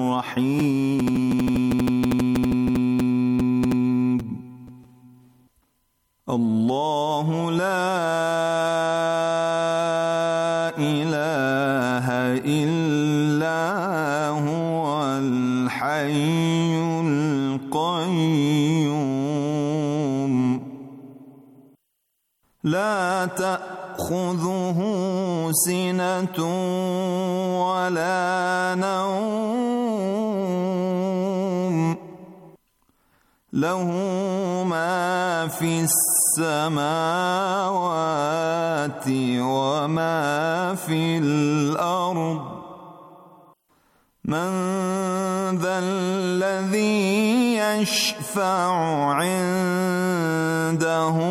الرحيم الله لا اله الا هو الحي القيوم لا تاخذه سنه ولا نوم له ما في السماوات وما في الأرض من ذا الذي يشفع عنده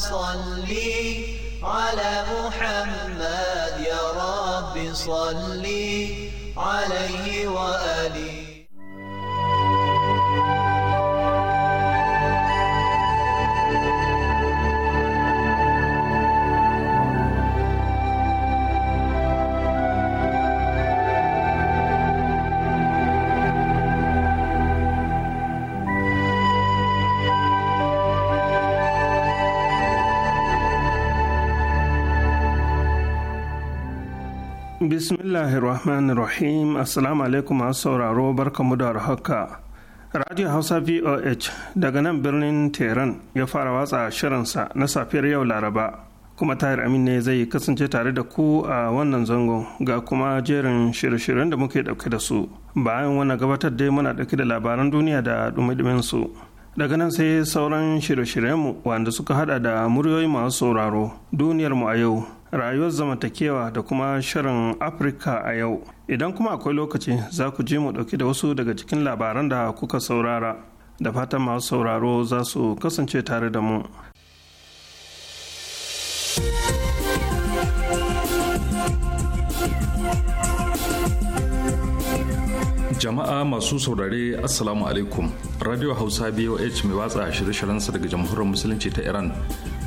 صل على محمد يا رب صل عليه وآله Bismillahirrahmanirrahim Assalamu alaikum masu sauraro barkamu da haka. Radio Hausa VOH daga nan birnin Tehran ya fara watsa shirinsa na safiyar yau Laraba. Kuma Tahir Amin ne zai kasance tare da ku a wannan zangon ga kuma jerin shirye-shiryen da muke dauke da su. Bayan wannan gabatar dai muna dauke da labaran duniya da dumi su. daga nan sai sauran shirye-shiryenmu wanda suka hada da muryoyi masu sauraro duniyarmu a yau rayuwar zamantakewa da kuma shirin afirka a yau idan kuma akwai lokaci za ku je mu ɗauki da wasu daga cikin labaran da kuka saurara da fatan masu sauraro za su kasance tare da mu jama'a masu saurare assalamu alaikum radio hausa boh mai watsa shirye-shiryensa daga jamhuriyar musulunci ta iran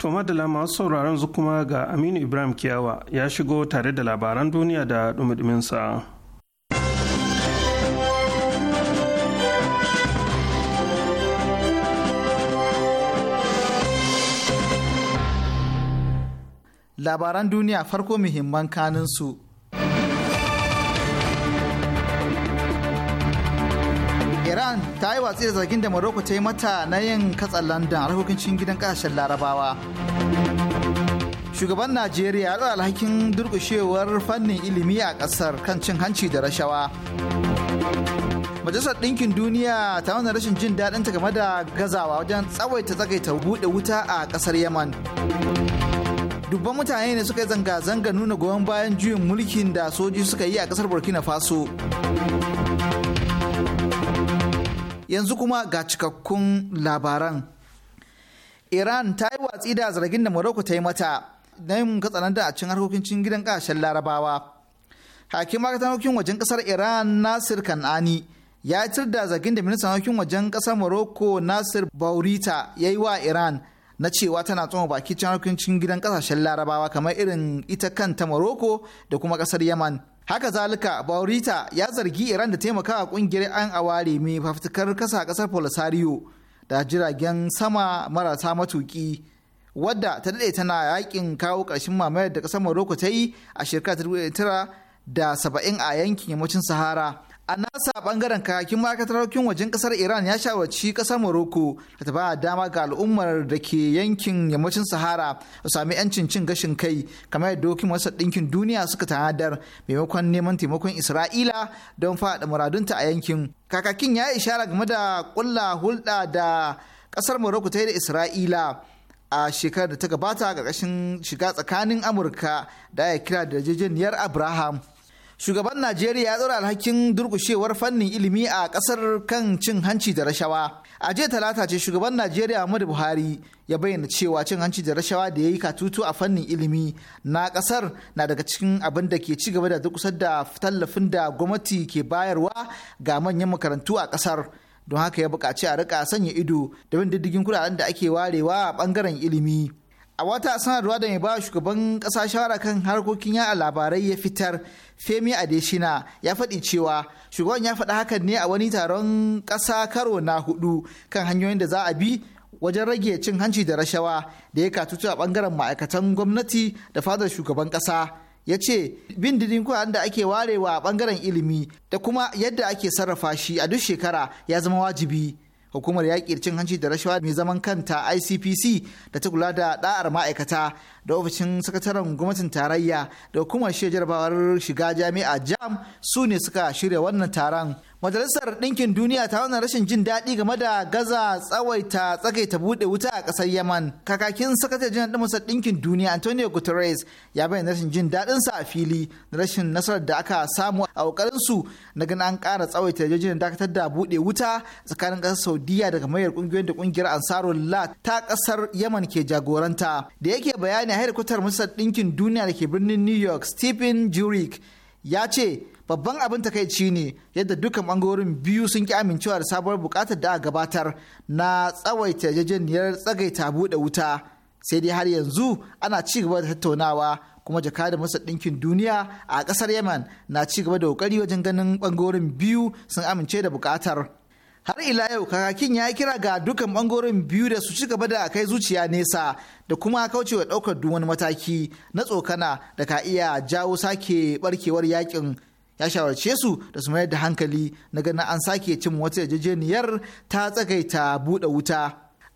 To madala masu sauraron zu kuma ga Aminu Ibrahim Kiyawa ya shigo tare da labaran duniya da dumi Labaran duniya farko muhimman kaninsu. ta yi watsi da zargin da Morocco ta yi mata na yin katsa London harkokin cikin gidan kasashen Larabawa. Shugaban Najeriya ya alhakin durƙushewar fannin ilimi a ƙasar kan cin hanci da rashawa. Majalisar Ɗinkin Duniya ta wani rashin jin daɗin ta game da gazawa wajen tsawaita tsagaita buɗe wuta a ƙasar Yaman. Dubban mutane ne suka yi zanga-zanga nuna goyon bayan juyin mulkin da soji suka yi a ƙasar Burkina Faso. yanzu kuma ga cikakkun labaran iran ta yi watsi da zargin da morocco ta yi mata na yin katsananta a cikin harkokin cin gidan kasashen larabawa hakim ma'aikatan harkokin wajen kasar iran nasir kan'ani ya tir da zargin da ministan harkokin wajen kasar morocco nasir baurita ya yi wa iran na cewa tana tsoma baki cikin harkokin cin gidan kasashen larabawa kamar irin ita kanta morocco da kuma kasar yaman haka zalika baurita ya zargi iran da taimakawa kungiyar an aware mai fafutukar kasa kasar polisario da jiragen sama marasa matuki wadda ta daɗe tana yakin kawo ƙarshen mamayar da ƙasar morocco ta yi a shekara da saba'in a yankin yammacin sahara a nasa bangaren kakakin ma'aikatar harkokin wajen kasar iran ya shawarci kasar morocco da ta ba dama ga al'ummar da ke yankin yammacin sahara su sami yancin cin gashin kai kamar yadda dokin wasu ɗinkin duniya suka tanadar maimakon neman taimakon isra'ila don faɗa muradunta a yankin kakakin ya ishara game da kulla hulɗa da kasar morocco ta yi da isra'ila a shekarar da ta gabata a ƙarƙashin shiga tsakanin amurka da ya kira da yarjejeniyar abraham shugaban Najeriya ya tsara alhakin durkushewar fannin ilimi a kasar kan cin hanci da rashawa. A jiya talata ce shugaban Najeriya Muhammadu Buhari ya bayyana cewa cin hanci da rashawa da ya yi katutu a fannin ilimi na kasar na daga cikin abin da ke ci gaba da durkusar da tallafin da gwamnati ke bayarwa ga manyan makarantu a kasar. Don haka ya buƙaci a rika sanya ido da bin diddigin kuɗaɗen da ake warewa a ɓangaren ilimi. a wata sanarwa da mai ba shugaban kasa shawara kan harkokin a labarai ya fitar femi adeshina ya faɗi cewa shugaban ya faɗi hakan ne a wani taron ƙasa karo na hudu kan hanyoyin da za a bi wajen rage cin hanci da rashawa da ya katutu a ɓangaren ma'aikatan gwamnati da fadar shugaban ƙasa ya ce bin didin kuɗaɗen da ake warewa a ɓangaren ilimi da kuma yadda ake sarrafa shi a duk shekara ya zama wajibi hukumar yaƙi cin hanci da rashawa mai zaman kanta icpc da ta kula da da'ar ma'aikata da ofishin sakataren gwamnatin tarayya da hukumar shirya jarabawar shiga jami'a jam su ne suka shirya wannan taron Majalisar Ɗinkin Duniya ta wannan rashin jin daɗi game da gaza tsawaita ta buɗe wuta a ƙasar Yaman. Kakakin sakataren janar masar dinkin Duniya Antonio Guterres ya bayyana rashin jin daɗinsa a fili da rashin nasarar da aka samu a ƙoƙarinsu na ganin an ƙara tsawaita yarjejeniyar dakatar da buɗe wuta tsakanin ƙasar Saudiya daga mayar ƙungiyoyin da ƙungiyar Ansarullah ta ƙasar Yaman ke jagoranta. Da yake bayani a hedikwatar Majalisar Ɗinkin Duniya da ke birnin New York Stephen Jurek ya ce babban abin takaici ne yadda dukkan bangarorin biyu sun ki amincewa da sabuwar bukatar da a gabatar na tsawaita yajejeniyar tsagaita buɗe wuta sai dai har yanzu ana ci gaba da tattaunawa kuma jakada masa ɗinkin duniya a ƙasar yemen na ci gaba da ƙoƙari wajen ganin bangorin biyu sun amince da buƙatar har ila yau kakakin ya kira ga dukkan bangorin biyu da su ci gaba da kai zuciya nesa da kuma kaucewa ɗaukar duk mataki na tsokana da ka iya jawo sake barkewar yakin ya shawarce su da su mayar da hankali na ganin an sake cin wata yarjejeniyar ta tsagaita buɗe wuta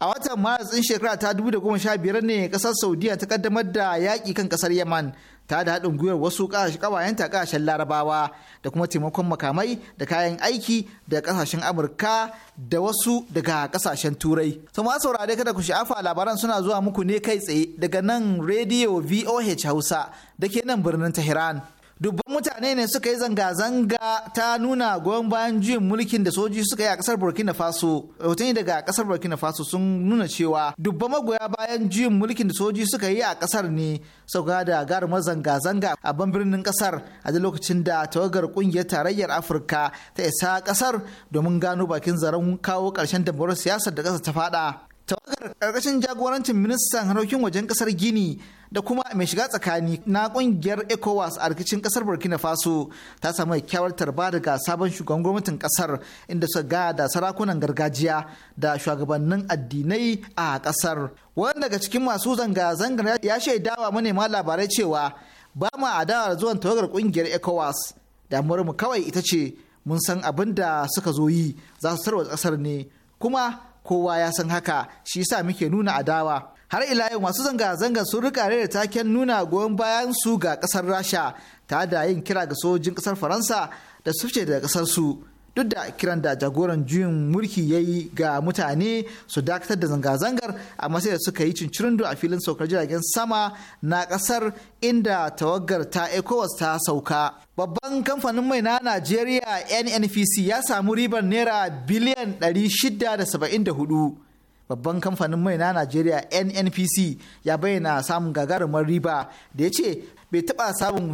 a watan maris ɗin shekara ta 2015 ne kasar saudiya ta kaddamar da yaƙi kan ƙasar yaman ta da haɗin gwiwar wasu ƙawayenta ƙasashen larabawa da kuma taimakon makamai da kayan aiki da ƙasashen amurka da wasu daga ƙasashen turai to ma saurare kada ku sha'afa labaran suna zuwa muku ne kai tsaye daga nan rediyo voh hausa da ke nan birnin tehran dubban mutane ne suka yi zanga-zanga ta nuna goyon bayan juyin mulkin da soji suka yi a kasar burkina faso rahotanni daga kasar burkina faso sun nuna cewa dubban magoya bayan juyin mulkin da soji suka yi a kasar ne sauka da garumar zanga-zanga a ban birnin kasar a da lokacin da tawagar kungiyar tarayyar afirka ta isa kasar domin gano bakin zaren kawo karshen dambarwar siyasar da kasa ta fada tawagar karkashin jagorancin ministan harkokin wajen kasar gini da kuma mai shiga tsakani na kungiyar ecowas a rikicin kasar burkina faso ta samu kyakkyawar tarba daga sabon shugaban gwamnatin kasar inda suka ga da sarakunan gargajiya da shugabannin addinai a kasar wani daga cikin masu zanga-zangar ya shaidawa manema labarai cewa ba ma da zuwan tawagar kungiyar ecowas damuwar mu kawai ita ce mun san abin da suka zo yi za su tarwatsa kasar ne kuma kowa ya san haka shi sa muke nuna adawa har ila yau masu zanga-zanga sun rika da taken nuna goyon bayan su ga kasar rasha ta da yin kira ga sojin kasar faransa da su fice daga kasar su duk da kiran da jagoran juyin mulki ya yi ga mutane su dakatar da zanga-zangar a da suka yi cincirindo a filin saukar jiragen sama na kasar inda tawagar ta ecowas ta sauka babban kamfanin mai na najeriya nnpc ya samu ribar naira biliyan 674 babban kamfanin mai na najeriya nnpc ya bayyana samun gagarumar riba da ya ce bai taɓa samun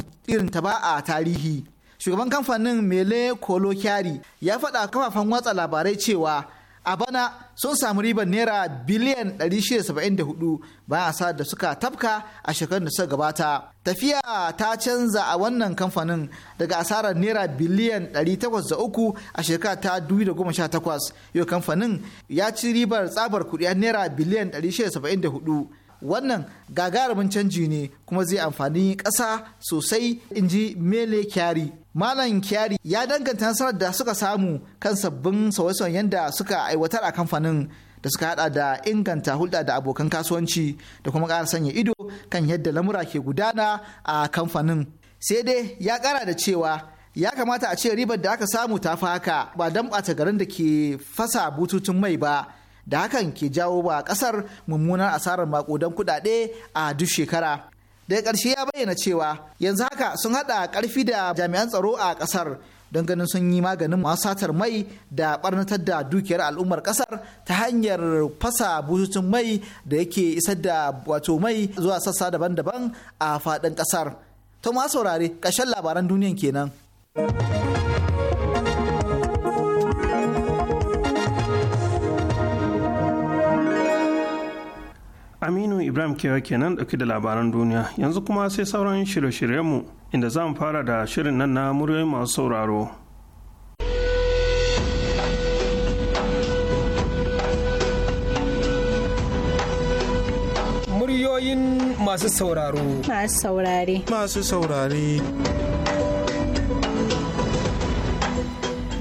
ta ba a tarihi shugaban kamfanin mele kolo kyari ya faɗa kafafen watsa labarai cewa a bana sun samu ribar naira biliyan 674 bayan asarar da suka tafka a shekarun da suka gabata tafiya ta canza a wannan kamfanin daga asarar naira biliyan 803 a shekara ta 2018 yau kamfanin ya ci ribar tsabar kuɗi naira biliyan 674 wannan gagarumin canji ne kuma zai amfani ƙasa sosai in ji mele kyari Malam Kyari ya danganta nasarar da suka samu kan sabbin sauye-sauyen da suka aiwatar a kamfanin da suka hada da inganta hulɗa da abokan kasuwanci da kuma ƙara sanya ido kan yadda lamura ke gudana a kamfanin. Sai dai ya ƙara da cewa ya kamata a ce ribar da aka samu ta fi haka ba don ɓata garin da ke fasa bututun mai ba da hakan ke jawo ba ƙasar mummunar asarar maƙudan kuɗaɗe a duk shekara. daga ƙarshe ya bayyana cewa yanzu haka sun haɗa ƙarfi da jami'an tsaro a ƙasar don ganin sun yi maganin masu satar mai da barnatar da dukiyar al'ummar ƙasar ta hanyar fasa bututun mai da yake isar da wato mai zuwa sassa daban-daban a faɗin ƙasar. Ta ma saurare ƙarshen labaran duniyan kenan. Aminu Ibrahim kewa kenan ɗauki da labaran duniya yanzu kuma sai sauran shirye-shiryenmu inda za mu fara da shirin nan na muryoyin masu sauraro. Muryoyin masu sauraro. Masu saurare. Masu saurare.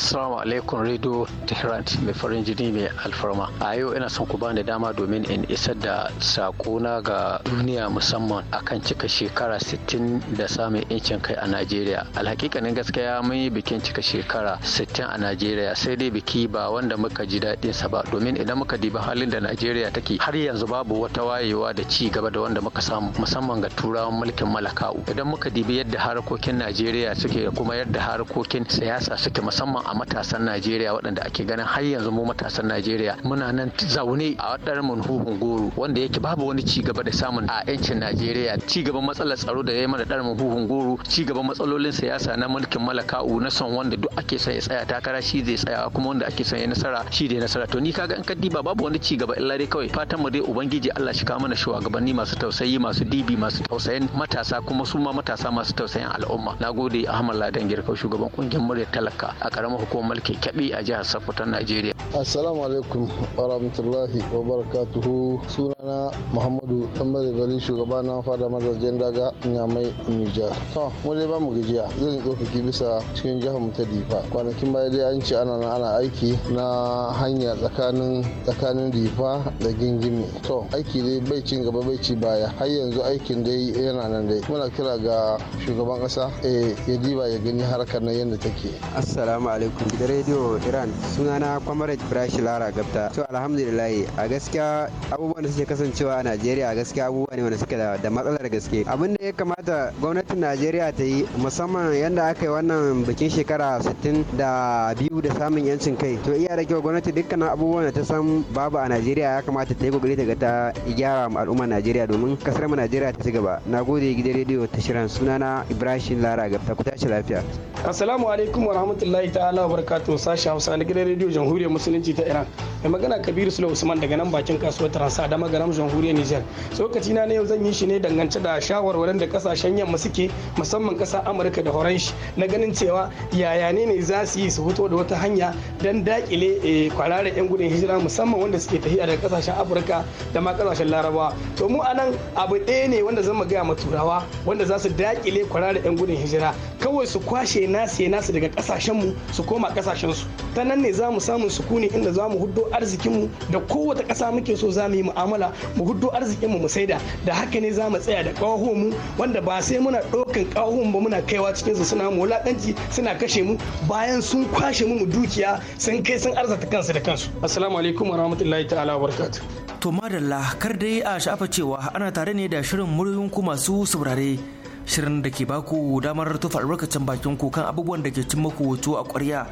Assalamu alaikum Radio Tehran mai farin jini mai alfarma. A yau ina son ku bani dama domin in isar da sakona ga duniya musamman akan cika shekara 60 da samun yancin kai a Najeriya. Alhakikanin gaskiya mun yi bikin cika shekara 60 a Najeriya sai dai biki ba wanda muka ji daɗin sa ba domin idan muka diba halin da Najeriya take har yanzu babu wata wayewa da ci gaba da wanda muka samu musamman ga turawan mulkin malakawu Idan muka dibi yadda harkokin Najeriya suke kuma yadda harkokin siyasa suke masa. musamman a matasan Najeriya waɗanda ake ganin har yanzu mu matasan Najeriya muna nan zaune a wadar huhun goro wanda yake babu wani ci gaba da samun a yancin Najeriya ci gaban matsalar tsaro da ya mana dar huhun goro ci gaban matsalolin siyasa na mulkin malaka'u na son wanda duk ake son ya tsaya takara shi zai tsaya kuma wanda ake son ya nasara shi da nasara to ni kaga in ka diba babu wani ci gaba illa dai kawai fatan mu dai ubangiji Allah shi kawo mana shugabanni masu tausayi masu dibi masu tausayin matasa kuma su ma matasa masu tausayin al'umma nagode Ahmad Ladan Girkau shugaban kungiyar murya talaka a karamar hukumar kekebe a jihar Sokoto Najeriya. Assalamu alaikum wa rahmatullahi wa barakatuhu sunana Muhammadu Tambari Bali shugaba na fada mazajen daga Nyamai Nija. To mu dai ba mu gajiya zan yi tsofaki bisa cikin jihar mu ta Difa. Kwanakin baya dai an ce ana ana aiki na hanya tsakanin tsakanin Difa da Gingimi. To aiki dai bai cin gaba bai ci baya har yanzu aikin dai yana nan dai. Muna kira ga shugaban kasa eh ya diba ya gani harkar nan yadda take. Assalamu assalamu alaikum gidan rediyo iran sunana comrade brashi lara gabta to alhamdulillah a gaskiya abubuwan da suke kasancewa a najeriya a gaskiya abubuwa ne wanda suke da matsalar gaske abin da ya kamata gwamnatin najeriya ta yi musamman yadda aka yi wannan bikin shekara 60 da biyu da samun yancin kai to iya da kyau gwamnati dukkanin abubuwan da ta san babu a najeriya ya kamata ta yi kokari ta ga ta gyara al'ummar najeriya domin kasar mu najeriya ta ci gaba na gode gidan rediyo ta shirin sunana ibrahim lara gabta ku tashi lafiya assalamu alaikum wa rahmatullahi ta ta'ala wa sashi Hausa na gidan rediyo Jamhuriyar Musulunci ta Iran. Mai magana Kabiru Sule Usman daga nan bakin kasuwar Transa da magaram Jamhuriyar Niger. Tsokaci na yau zan yi shi ne dangance da shawarwarin da kasashen yamma suke musamman kasar Amurka da shi na ganin cewa yaya ne ne za su yi su fito da wata hanya dan dakile eh, kwararren 'yan gudun hijira musamman wanda suke tafiya daga kasashen Afirka da ma kasashen Larabawa. To mu anan abu ɗaya ne wanda zan gaya ma Turawa wanda za su dakile kwararren 'yan gudun hijira kawai su kwashe nasiye nasu daga kasashen mu su koma kasashensu ta nan ne za mu samu sukuni inda za mu huddo mu da kowace ƙasa muke so za mu yi mu'amala mu huddo arzikinmu mu saida da haka ne za mu tsaya da mu wanda ba sai muna ɗaukan ƙawahon ba muna kaiwa cikin su suna mu wulaƙanci suna kashe mu bayan sun kwashe mu dukiya sun kai sun arzata kansu da kansu assalamu alaikum wa rahmatullahi ta'ala wa barakatuh to madalla kar dai a sha'afa cewa ana tare ne da shirin muryoyin ku masu saurare shirin da ke baku damar tufa albarkacin bakin ku kan abubuwan da ke cin muku a ƙwarya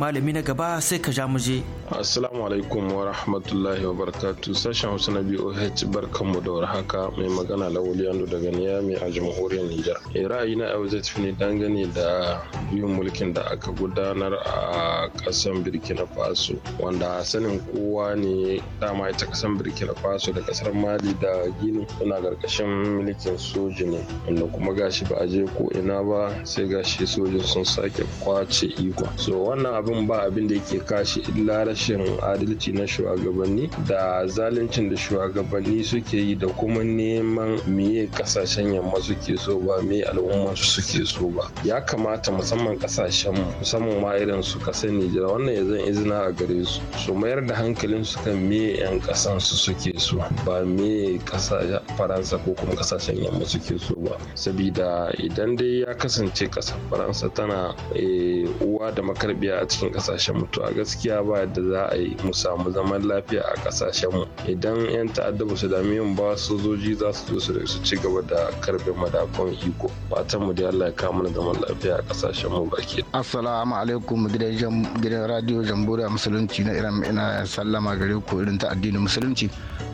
malami na gaba sai ka ja je. assalamu alaikum wa rahmatullahi wa barakatu sashen hausa na boh barkanmu da warhaka mai magana lawaliyanu daga niyami a jamhuriyar nijar eh, ra'ayi na yau zai tuni dangane da biyun mulkin da aka gudanar a kasan burkina faso wanda sanin kowa ne dama ita kasan burkina faso da kasar mali da gini suna karkashin mulkin soji ne wanda kuma gashi ba a je ko ina ba sai gashi sojin sun sake kwace iko so wannan abin abin ba abin da yake kashi illa rashin adalci na shugabanni da zaluncin da shugabanni suke yi da kuma neman miye kasashen yamma suke so ba me al'umma suke so ba ya kamata musamman kasashen musamman ma irin su kasa Nijar wannan ya zan izina a gare su su mayar da hankalin su kan me yan kasan su suke so ba me kasashen Faransa ko kuma kasashen yamma suke so ba sabida idan dai ya kasance kasar Faransa tana eh, uwa da makarbiya cikin kasashen mu to a gaskiya ba yadda za a yi mu samu zaman lafiya a kasashen mu idan yan ta'adda ba su dami mu ba sojoji za su zo su ci gaba da karbe madafun iko fatan mu da Allah ya kawo mana zaman lafiya a kasashen mu baki assalamu alaikum gidan radio jamhuriya musulunci na iran ina sallama gare ku irin ta addinin musulunci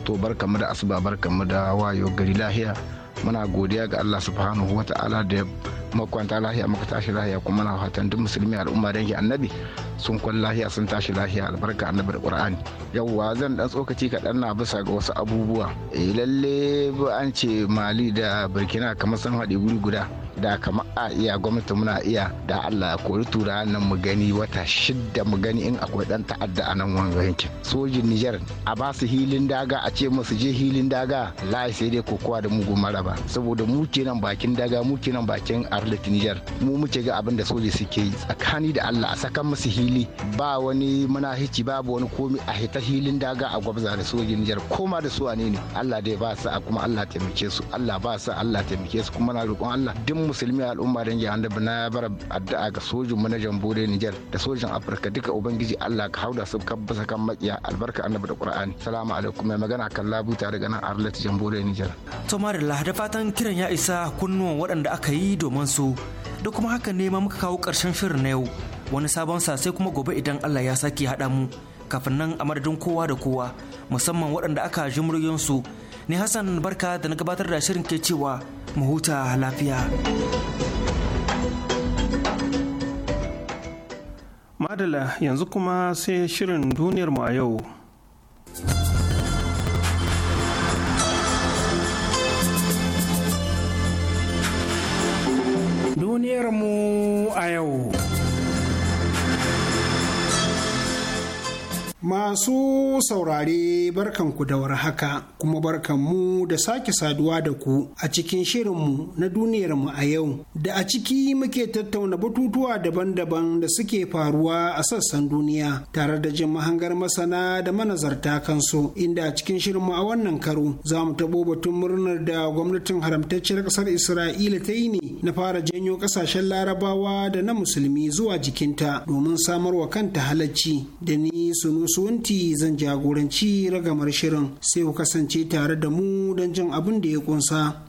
to barkamu da asuba barkamu da wayo gari lahiya muna godiya ga Allah subhanahu wata'ala da makwanta lahiya muka tashi lahiya kuma na fatan duk musulmi al'umma dangi annabi sun kwan lahiya sun tashi lahiya albarka annabi da qur'ani yawwa zan dan tsokaci kaɗan na bisa ga wasu abubuwa eh lalle ba an ce mali da burkina kamar san haɗe guri guda da kama a iya gwamnati muna iya da Allah kori tura nan mu gani wata shidda mu gani in akwai dan ta'adda a nan wanga yankin sojin Niger a ba su hilin daga a ce musu je hilin daga lai sai dai kokowa da mugun maraba saboda mu kenan bakin daga mu kenan bakin arlit niger mu muke ga abin da soja suke yi tsakani da allah a sakan musu hili ba wani hici babu wani komi a hita hilin daga a gwabza da sojin niger koma da su a ne allah dai ba sa kuma allah taimake su allah ba sa allah taimake su kuma na roƙon allah duk musulmi al'umma da jihar da na bar addu'a ga sojin mu na jambore niger da sojin afirka duka ubangiji allah ka hauda su kabbasa kan makiya albarka annabi da qur'ani salamu alaikum mai magana kan labu tare ga nan arlit jambore niger to da fatan kiran ya isa kunnuwan waɗanda aka yi domin su da kuma hakan ne ma muka kawo ƙarshen shirin na yau wani sabon sa sai kuma gobe idan Allah ya sake haɗa mu kafin nan a madadin kowa da kowa musamman waɗanda aka ji muryoyinsu ne Hassan barka da na gabatar da shirin ke cewa mu huta lafiya. Madala yanzu kuma sai shirin duniyarmu a yau. duniyarmu a yau. Masu saurare barkanku da haka kuma barkanmu da sake saduwa da ku a cikin shirinmu na duniyarmu a yau da a ciki muke tattauna batutuwa daban-daban da suke faruwa a sassan duniya tare da jin mahangar masana da manazarta kansu inda a cikin shirinmu a wannan karo za mu taɓo batun murnar da gwamnatin haramtacciyar ƙasar Isra'ila ta yi ne na fara janyo ƙasashen larabawa da na musulmi zuwa jikinta domin samarwa kanta halacci da ni sunu sunusunti zan jagoranci ragamar shirin sai ku kasance tare da mu don jin abin da ya kunsa.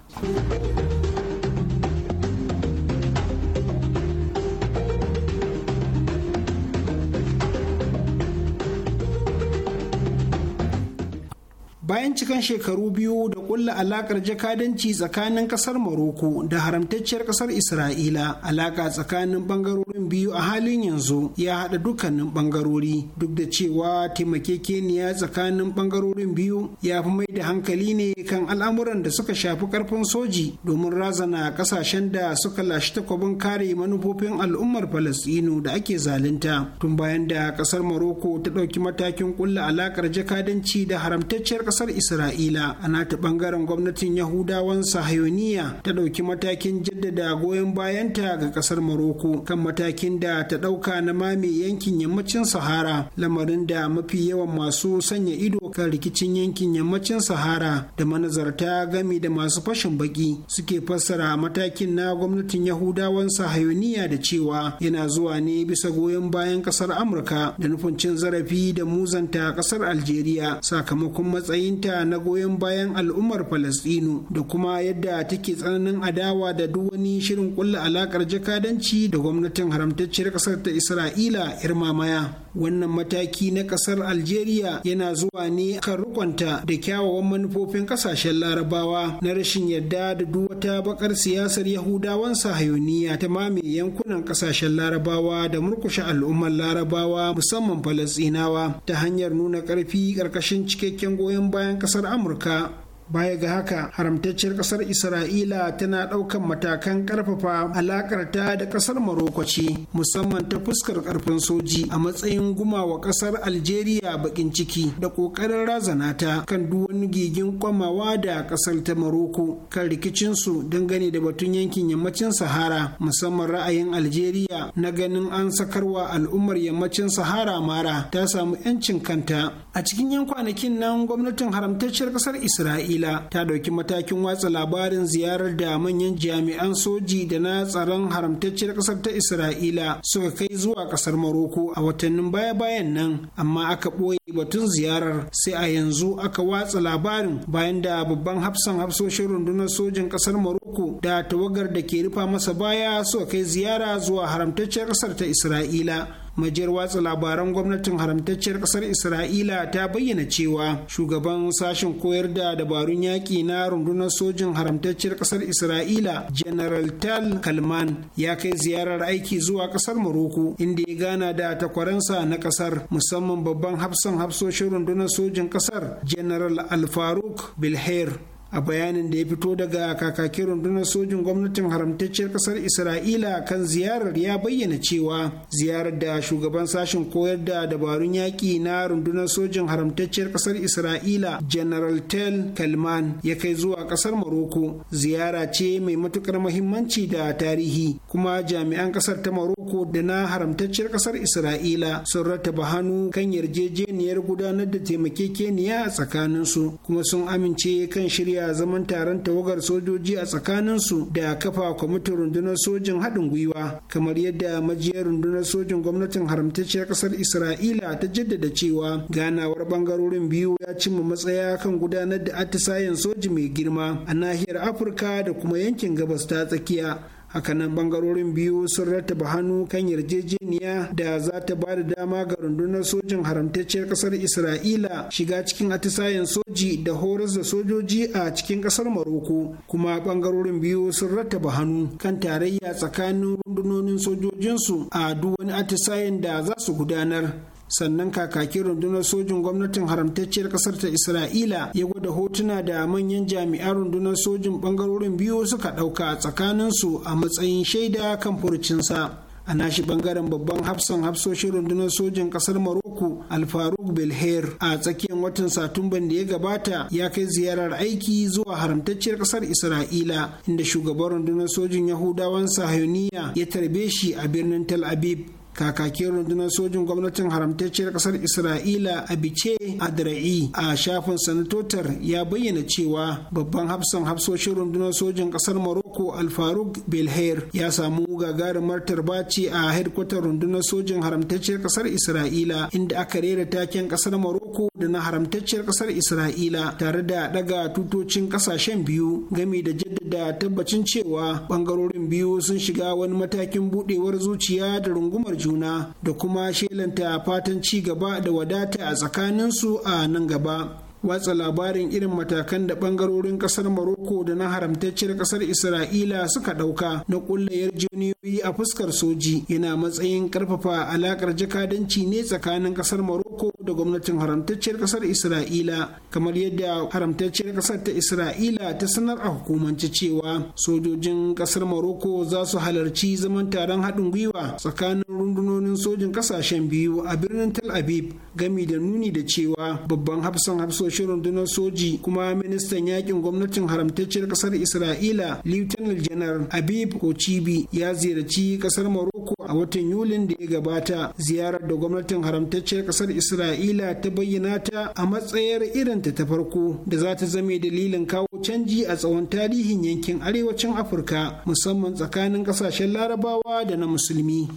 bayan cikan shekaru biyu da kulla alakar jakadanci tsakanin kasar Maroko da haramtacciyar kasar Isra'ila alaka tsakanin bangarorin kasashen biyu a halin yanzu ya haɗa dukkanin ɓangarori duk da cewa taimakekeniya tsakanin ɓangarorin biyu ya fi mai da hankali ne kan al'amuran da suka shafi ƙarfin soji domin razana ƙasashen da suka lashe takwabin kare manufofin al'ummar falastinu da ake zalunta tun bayan da ƙasar maroko ta ɗauki matakin ƙulla alaƙar jakadanci da haramtacciyar ƙasar isra'ila a ta ɓangaren gwamnatin yahudawan sahayoniya ta ɗauki matakin jaddada goyon bayanta ga ƙasar maroko kan matakin matakin da ta ɗauka na mame yankin yammacin sahara lamarin da mafi yawan masu sanya ido kan rikicin yankin yammacin sahara da manazarta gami da masu fashin baki suke fassara matakin na gwamnatin yahudawan sahayoniya da cewa yana zuwa ne bisa goyon bayan ƙasar amurka da nufin cin zarafi da muzanta ƙasar algeria sakamakon matsayinta na goyon bayan al'ummar falastinu da kuma yadda take tsananin adawa da duk wani shirin kulla alakar jakadanci da gwamnatin haramtacciyar ƙasar ta isra'ila yar mamaya wannan mataki na kasar algeria yana zuwa ne kan rukonta da kyawawan manufofin kasashen larabawa na rashin yarda da duk wata bakar siyasar yahudawan sahayoniya ta mame yankunan kasashen larabawa da murkushe al'ummar larabawa musamman falasinawa ta hanyar nuna ƙarfi ƙarƙashin cikakken goyon bayan kasar amurka baya ga haka haramtacciyar kasar isra'ila tana ɗaukan matakan ƙarfafa alakarta da ƙasar maroko ce musamman ta fuskar ƙarfin soji a matsayin gumawa ƙasar algeria bakin ciki da ƙoƙarin razana ta kan wani gigin kwamawa da ƙasar ta maroko kan rikicinsu dangane da batun yankin yammacin sahara musamman ra'ayin algeria na ganin an sakarwa al'ummar yammacin sahara mara ta samu 'yancin kanta a cikin yan kwanakin nan gwamnatin haramtacciyar ƙasar isra'ila isra'ila ta ɗauki matakin watsa labarin ziyarar da manyan jami'an soji da na tsaron haramtacciyar ƙasar ta isra'ila suka kai zuwa ƙasar maroko a watannin baya-bayan nan amma aka ɓoye batun ziyarar sai a yanzu aka watsa labarin bayan da babban hafsan hafsoshin rundunar sojin ƙasar maroko da tawagar da ke rufa masa baya suka kai ziyara zuwa haramtacciyar ƙasar ta isra'ila majiyar watsa labaran gwamnatin haramtacciyar kasar isra'ila ta bayyana cewa shugaban sashen koyar da dabarun yaƙi na rundunar sojin haramtacciyar kasar isra'ila general tal kalman ya kai ziyarar aiki zuwa kasar maroko inda ya gana da takwaransa na kasar musamman babban hafsan hafsoshin rundunar sojin kasar general al-faruk bilher a bayanin da ya fito daga kakakin rundunar sojin gwamnatin haramtacciyar kasar isra'ila kan ziyarar ya bayyana cewa ziyarar da shugaban sashen koyar da dabarun yaƙi na rundunar sojin haramtacciyar kasar isra'ila general tel kalman ya kai zuwa kasar maroko ziyara ce mai matukar mahimmanci da tarihi kuma jami'an kasar ta maroko da na haramtacciyar kasar isra'ila sun rattaba hannu kan yarjejeniyar gudanar da taimakekeniya a tsakaninsu kuma sun amince kan shirya ya zaman taron tawagar sojoji a tsakaninsu da kafa kwamitin rundunar sojin haɗin gwiwa kamar yadda majiyar rundunar sojin gwamnatin haramtacciyar ƙasar isra'ila ta jaddada cewa ganawar ɓangarorin biyu ya cimma matsaya kan gudanar da atisayen soji mai girma a nahiyar afirka da kuma yankin gabas ta tsakiya hakanan bangarorin biyu sun rattaba hannu kan yarjejeniya da za ta ba da dama ga rundunar sojin haramtacciyar kasar isra'ila shiga cikin atisayen soji da horas da sojoji a cikin kasar maroko kuma bangarorin biyu sun rattaba hannu kan tarayya tsakanin rundunonin sojojinsu a duk wani atisayen da za su gudanar sannan kakakin rundunar sojin gwamnatin haramtacciyar kasar ta isra'ila ya gwada hotuna da manyan jami'an rundunar sojin bangarorin biyu suka ɗauka a tsakaninsu a matsayin shaida kan furucinsa a nashi bangaren babban hafsan hafsoshin rundunar sojin kasar maroko alfaruk belher a tsakiyar watan satumban da ya gabata ya kai ziyarar aiki zuwa haramtacciyar kasar isra'ila inda shugaban rundunar sojin yahudawan Sahuniya ya tarbe shi a birnin tel aviv kakakin rundunar sojin gwamnatin haramtacciyar kasar isra'ila a bice adra'i a shafin sanatotar ya bayyana cewa babban hafsan hafsoshin rundunar sojin kasar maroko alfaruk belhair ya samu gagarumar tarbaci a hedkwatar rundunar sojin haramtacciyar kasar isra'ila inda aka rera taken kasar maroko da na haramtacciyar kasar isra'ila tare da daga tutocin kasashen biyu gami da jaddada tabbacin cewa bangarorin biyu sun shiga wani matakin buɗewar zuciya da rungumar juna juna da kuma shelanta fatan ci gaba da wadata a tsakaninsu a nan gaba watsa labarin irin matakan da bangarorin kasar maroko da na haramtacciyar kasar Isra'ila suka ɗauka na ƙulla jiniyoyi a fuskar soji yana matsayin ƙarfafa alaƙar jakadanci ne tsakanin kasar maroko da gwamnatin haramtacciyar kasar Isra'ila kamar yadda haramtacciyar kasar ta Isra'ila ta sanar a hukumance cewa sojojin kasar maroko za su halarci zaman taron haɗin gwiwa tsakanin rundunonin sojin kasashen biyu a birnin Tel Aviv gami da nuni da cewa babban hafsan hafsojin shirin rundunar soji kuma ministan yakin gwamnatin haramtacciyar kasar isra'ila lieutenant janar abib kochibi ya ziyarci kasar morocco a watan yulin da ya gabata ziyarar da gwamnatin haramtacciyar kasar isra'ila ta bayyana ta a matsayar irin ta farko da za ta zame dalilin kawo canji a tsawon tarihin yankin arewacin afirka musamman tsakanin kasashen larabawa da na musulmi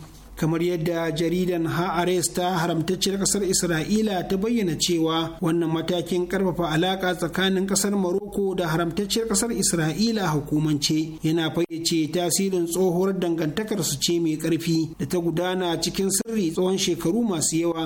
kamar yadda jaridan ha'ares ta haramtacciyar kasar isra'ila ta bayyana cewa wannan matakin karfafa alaka tsakanin kasar maroko da haramtacciyar kasar isra'ila hukumance yana fayyace tasirin tsohuwar dangantakar su ce mai karfi da ta gudana cikin sirri tsawon shekaru masu yawa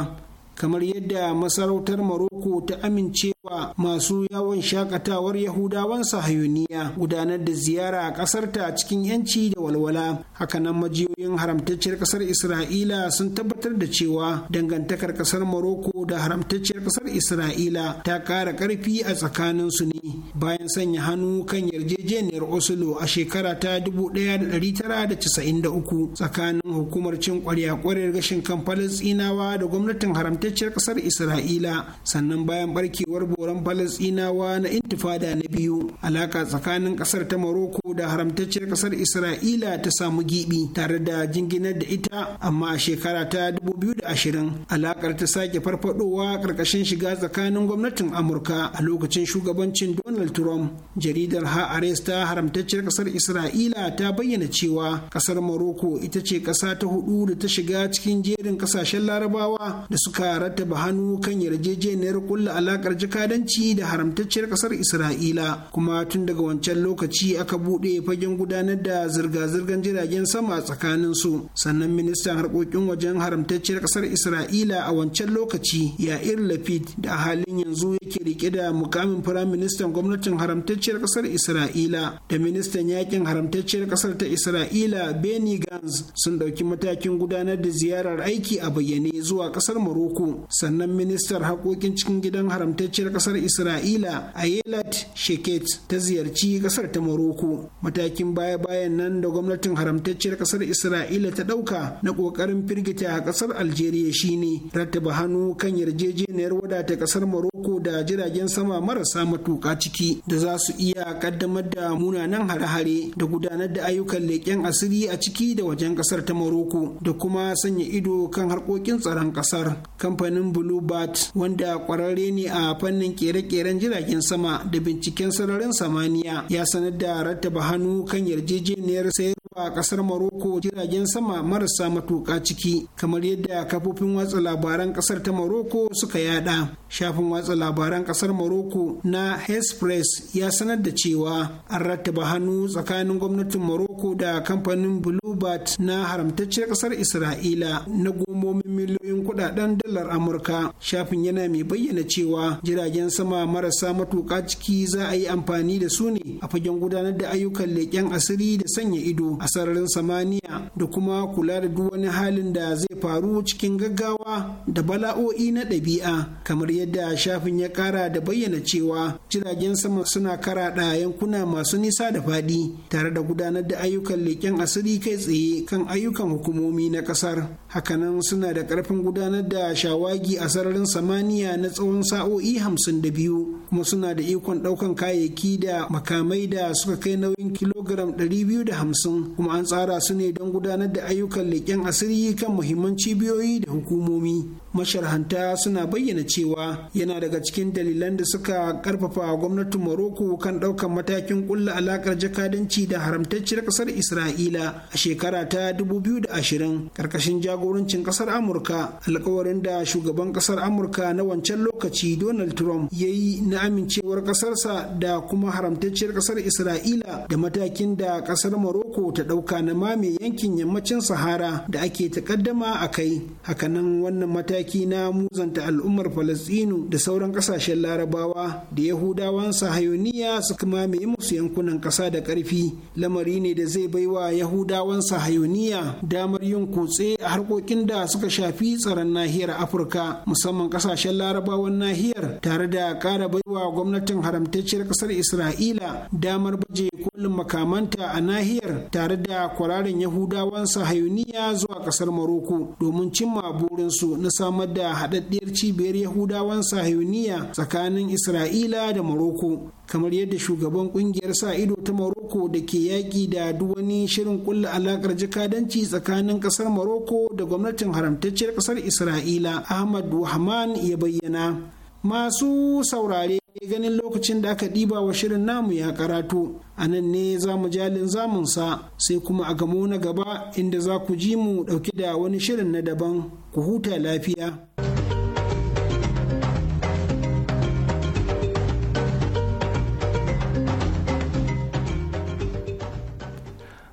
kamar yadda masarautar Maroko ta amince wa masu yawon shakatawar yahudawan sahayuniya gudanar da ziyara a ƙasarta cikin yanci da walwala hakanan majiyoyin haramtacciyar ƙasar isra'ila sun tabbatar da cewa dangantakar ƙasar maroko da haramtacciyar ƙasar isra'ila ta ƙara ƙarfi a tsakanin su ne bayan sanya hannu kan yarjejeniyar oslo a shekara ta dubu ɗaya da da da tara casa'in uku, tsakanin hukumar cin ƙwarya ƙwarar gashin kan tsinawa da gwamnatin haramtacciyar ƙasar isra'ila sannan bayan barkewar jagoran falasinawa na intifada na biyu alaka tsakanin ƙasar ta maroko da haramtacciyar ƙasar isra'ila ta samu gibi tare da jinginar da ita amma a shekara ta 2020 alakar ta sake farfadowa ƙarƙashin shiga tsakanin gwamnatin amurka a lokacin shugabancin donald trump jaridar ha'ares ta haramtacciyar ƙasar isra'ila ta bayyana cewa ƙasar maroko ita ce ƙasa ta hudu da ta shiga cikin jerin ƙasashen larabawa da suka rattaba hannu kan yarjejeniyar kulla alakar jika jakadanci da haramtacciyar kasar isra'ila kuma tun daga wancan lokaci aka buɗe fagen gudanar da zirga-zirgar jiragen sama tsakanin su sannan ministan harkokin wajen haramtacciyar kasar isra'ila a wancan lokaci ya yair lapid da a halin yanzu yake rike da mukamin firayim ministan gwamnatin haramtacciyar kasar isra'ila da ministan yakin haramtacciyar kasar ta isra'ila benny gans sun ɗauki matakin gudanar da ziyarar aiki a bayyane zuwa kasar maroko sannan ministan harkokin cikin gidan haramtacciyar kasar isra'ila a yelat sheket ta ziyarci kasar ta morocco matakin baya-bayan nan da gwamnatin haramtacciyar kasar isra'ila ta ɗauka na ƙoƙarin firgita a kasar algeria shine rattaba hannu kan yarjejeniyar wadata kasar morocco da jiragen sama marasa matuƙa ciki da za su iya ƙaddamar da munanan hare-hare da gudanar da ayyukan leƙen asiri a ciki da wajen kasar ta morocco da kuma sanya ido kan harkokin tsaron kasar kamfanin blue bat wanda ƙwararre ne a fannin fannin kere-keren jiragen sama da binciken sararin samaniya ya sanar da rattaba hannu kan yarjejeniyar sayar a kasar Maroko jiragen sama marasa matuƙa ciki kamar yadda kafofin watsa labaran kasar ta Maroko suka yada. Shafin watsa labaran kasar Maroko na Hespress ya sanar da cewa an rattaba hannu tsakanin gwamnatin Maroko da kamfanin Bluebird na haramtacciyar kasar Isra'ila na gomomin miliyoyin kudaden dalar Amurka. Shafin yana mai bayyana cewa jiragen sama marasa matuƙa ciki za a yi amfani da su ne a fagen gudanar da ayyukan leƙen asiri da sanya ido a sararin samaniya da kuma kula da duk wani halin da zai faru cikin gaggawa da bala'o'i na ɗabi'a kamar yadda shafin ya ƙara da bayyana cewa jiragen sama suna karaɗa yankuna masu nisa da faɗi tare da gudanar da ayyukan leƙen asiri kai tsaye kan ayyukan hukumomi na ƙasar hakanan suna da ƙarfin gudanar da shawagi a sararin samaniya na tsawon sa'o'i hamsin da biyu kuma suna da ikon ɗaukan kayayyaki da makamai da suka kai nauyin kilogiram ɗari biyu da hamsin kuma an tsara su ne don gudanar da ayyukan leƙen asiri kan muhimman cibiyoyi da hukumomi masharhanta suna bayyana cewa yana daga cikin dalilan da suka karfafa gwamnatin Morocco kan ɗaukan matakin kulla alakar jakadanci da haramtacciyar ƙasar Isra'ila a shekara ta 2020 karkashin jagorancin ƙasar Amurka alkawarin da shugaban ƙasar Amurka na wancan lokaci Donald Trump ya yi na amincewar ƙasarsa da kuma haramtacciyar ƙasar Isra'ila da matakin da ƙasar Morocco ta ɗauka na mame yankin yammacin Sahara da ake takaddama a kai hakanan wannan mataki mataki na muzanta al'ummar falasinu da sauran ƙasashen Larabawa da Yahudawan Sahayoniya suka mamaye musu yankunan ƙasa da karfi lamari ne da zai baiwa Yahudawan Sahayoniya damar yin kutse a harkokin da suka shafi tsaron nahiyar Afirka musamman ƙasashen Larabawan nahiyar tare da kara baiwa gwamnatin haramtacciyar ƙasar Isra'ila damar baje kolin makamanta a nahiyar tare da kwararin Yahudawan Sahayoniya zuwa ƙasar Maroko domin cimma burinsu na samar da haɗaɗɗiyar cibiyar yahudawan sahauniya tsakanin isra'ila da maroko kamar yadda shugaban kungiyar sa ido ta Morocco da ke yaƙi da duwani shirin kulla alaƙar jakadanci tsakanin ƙasar Morocco da gwamnatin haramtacciyar ƙasar Isra'ila Ahmad Wahman ya bayyana. masu saurare ganin lokacin da aka ɗiba wa shirin namu ya karatu a nan ne za mu jalin zamunsa sai kuma a gamo na gaba inda za ku ji mu ɗauki da wani shirin na daban ku huta lafiya.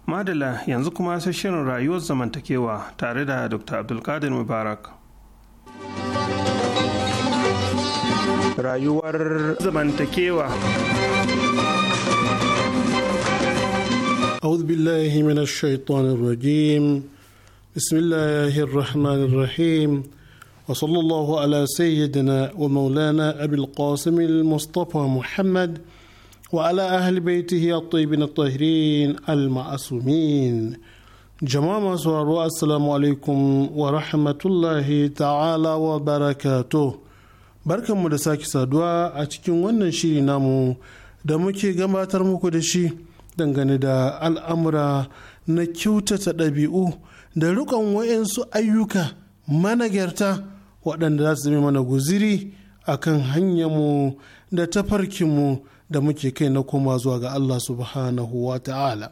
Madala yanzu kuma sai shirin rayuwar zamantakewa tare da Dr. Abdulkadir Mubarak. rayuwar zamantakewa. أعوذ بالله من الشيطان الرجيم بسم الله الرحمن الرحيم وصلى الله على سيدنا ومولانا أبي القاسم المصطفى محمد وعلى أهل بيته الطيبين الطاهرين المعصومين جماعة سوار السلام عليكم ورحمة الله تعالى وبركاته barkanmu da sake saduwa a cikin wannan shiri namu da muke gabatar muku da shi dangane da al'amura na kyautata ɗabi'u da rikon wa'yansu ayyuka managarta waɗanda za su zama mana guziri a kan hanyarmu da tafarkinmu da muke kai na koma zuwa ga Allah subhanahu wa ta'ala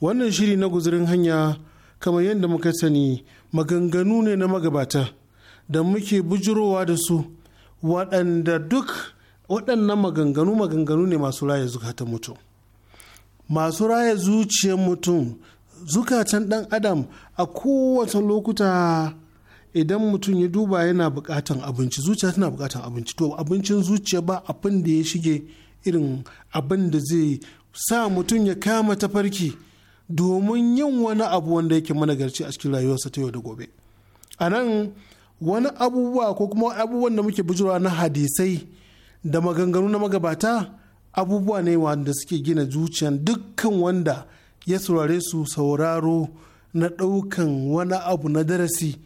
wannan shiri na guzirin hanya kamar yadda muka sani maganganu ne na magabata da muke bujurowa da su waɗanda duk waɗannan maganganu maganganu ne masu raya zukatan mutum masu raya zuciyar mutum zukatan ɗan adam a kowace lokuta idan mutum ya duba yana buƙatan abinci zuciya tana buƙatan abinci to abincin zuciya ba abin da ya shige irin abin da zai sa mutum ya kama ta farki domin yin wani abu wanda yake managarci a cikin rayuwarsa ta yau da gobe a nan wani abubuwa ko kuma abubuwan da muke bujurwa na hadisai da maganganu na magabata abubuwa ne wanda suke gina zuciyan dukkan wanda ya saurare su sauraro na ɗaukan wani abu na darasi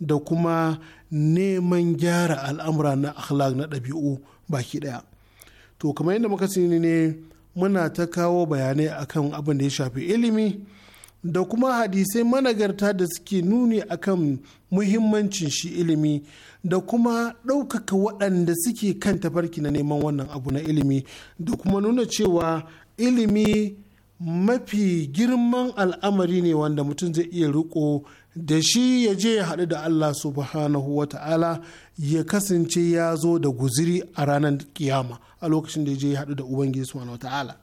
da kuma neman gyara al'amura na akhlaq na ɗabi'u baki ɗaya to kamar yadda muka sani ne muna ta kawo bayanai akan abin da ya shafi ilimi da kuma hadisai managarta da suke nuni akan muhimmancin shi ilimi da kuma ɗaukaka waɗanda suke kan tafarki na neman wannan abu na ilimi da kuma nuna cewa ilimi mafi girman al'amari ne wanda mutum zai iya riko da shi ya je ya haɗu da Allah subhanahu wa ta'ala ya kasance ya zo da guziri a ranar kiyama a lokacin da ya je ya haɗu da Ubangiji subhanahu wa ta'ala.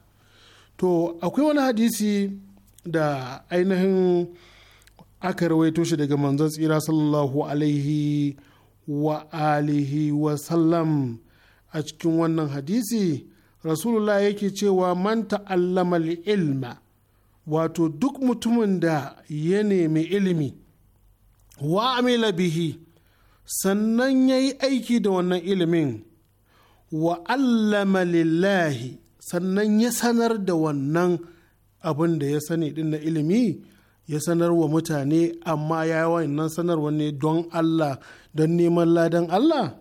To, akwai wani hadisi da ainihin aka rawaito shi daga manzon tsira sallallahu alaihi wa alihi wa sallam a cikin wannan hadisi rasulullah yake cewa man ta'allama ilma wato duk mutumin da ya nemi ilimi wa amila bihi sannan ya yi aiki da wannan ilimin wa allama lillahi sannan ya sanar da wannan abin da ya sani din na ilimi ya sanar wa mutane amma ya yi wannan sanarwa ne don Allah don neman ladan Allah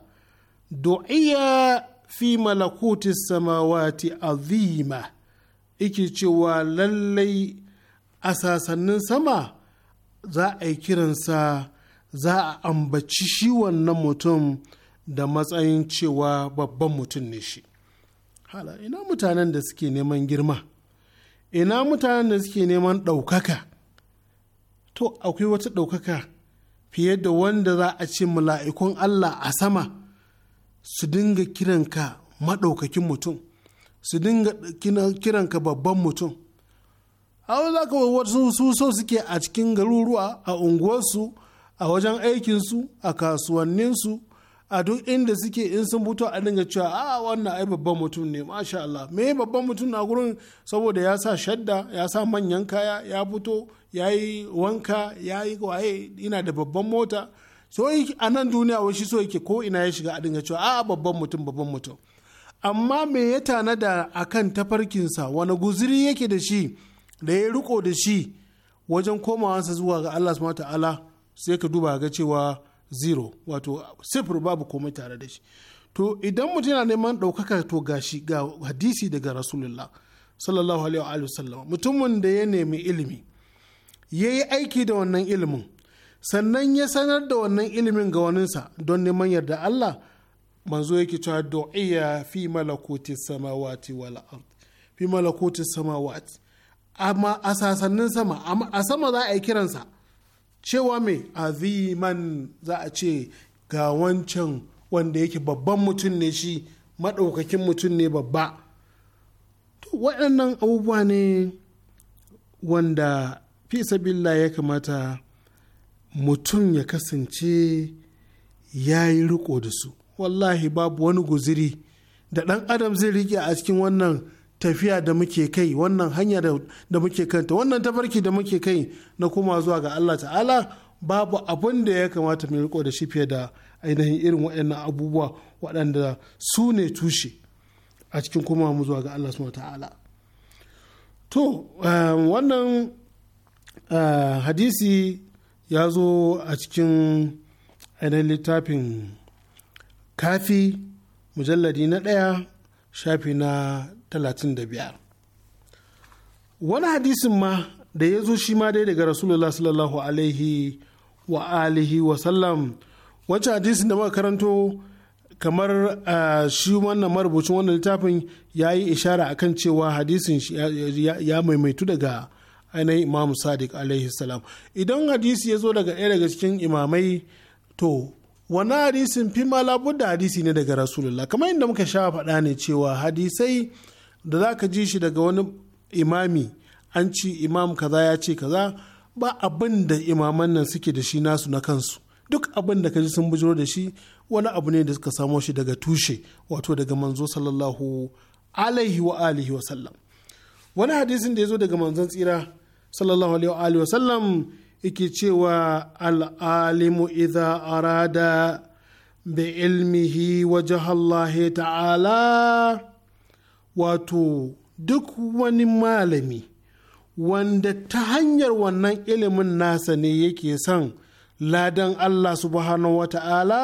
du'iya fi malakuti samawati azima ike cewa lallai a sasannin sama za a yi kiransa za a ambaci shi wannan mutum da matsayin cewa babban mutum ne shi hala ina mutanen da suke neman girma ina mutanen da suke neman ɗaukaka to akwai wata ɗaukaka fiye da wanda za a ce mala'ikun Allah a sama su dinga kiranka maɗaukakin mutum su dinga kiranka babban mutum hau za ka wasu su so suke a cikin garuruwa a unguwarsu a wajen aikinsu a kasuwanninsu a duk inda suke in sun fito a dinga cewa a wannan ai babban mutum ne masha Allah me babban mutum na gurin saboda ya sa shadda ya sa manyan kaya ya fito ya yi wanka ya yi waye ina da babban mota so a nan duniya wai so yake ko ina ya shiga a dinga cewa a babban mutum babban mutum amma me ya tanada akan tafarkinsa wani guziri yake da shi da ya riko da shi wajen komawansa zuwa ga Allah subhanahu ta'ala sai ka duba ga cewa zero wato sifir babu komai tare da shi to idan mutum yana neman ɗaukaka to gashi ga hadisi daga rasulullah sallallahu alaihi wa sallam mutumin da ya nemi ilimi ya yi aiki da wannan ilimin sannan ya sanar da wannan ilimin ga waninsa don neman yarda Allah manzo yake cewa du'iya fi malakuti samawati wal ard fi malakuti samawati amma a sasannin sama a sama za a yi kiransa cewa mai aziman za a ce ga wancan wanda yake babban mutum ne shi maɗaukakin mutum ne babba to waɗannan abubuwa ne wanda fi sabila ya kamata mutum ya kasance ya yi riko da su wallahi babu wani guziri da ɗan adam zai riƙe a cikin wannan tafiya da muke kai wannan hanya da muke kanta wannan tafarki da muke kai na kuma zuwa ga Allah ta'ala babu abin da ya kamata mu riko da shi fiye da ainihin irin waɗannan abubuwa waɗanda su ne tushe a cikin kuma mu zuwa ga Allah ta'ala to um, wannan uh, hadisi ya zo a cikin ainihin littafin kafi mujalladi na ɗaya shafi na 35 wani hadisin ma da ya zo shi ma dai daga rasulullah sallallahu alaihi wa alihi wa sallam wacce hadisin da muka karanto kamar shi wannan marubucin wannan littafin ya yi ishara a kan cewa hadisin ya maimaitu daga ainihin imamu sadiq alaihi salam idan hadisi ya zo daga ɗaya daga cikin imamai to wani hadisin fi ma labudda hadisi ne daga rasulullah kamar inda muka sha faɗa ne cewa hadisai da za ka ji shi daga wani imami an ci imam kaza ya ce kaza ba abin da imaman nan suke da shi nasu na kansu duk abin da ka ji sun bujiro da shi wani abu ne da suka samo shi daga tushe wato daga manzo sallallahu alaihi wa alihi wa sallam wani hadisin da ya zo daga manzon tsira sallallahu alaihi wa sallam yake cewa al'alimu idha arada bi ilmihi wajahallahi ta'ala wato duk wani malami wanda ta hanyar wannan ilimin nasa ne yake son ladan Allah subhanahu wa ta'ala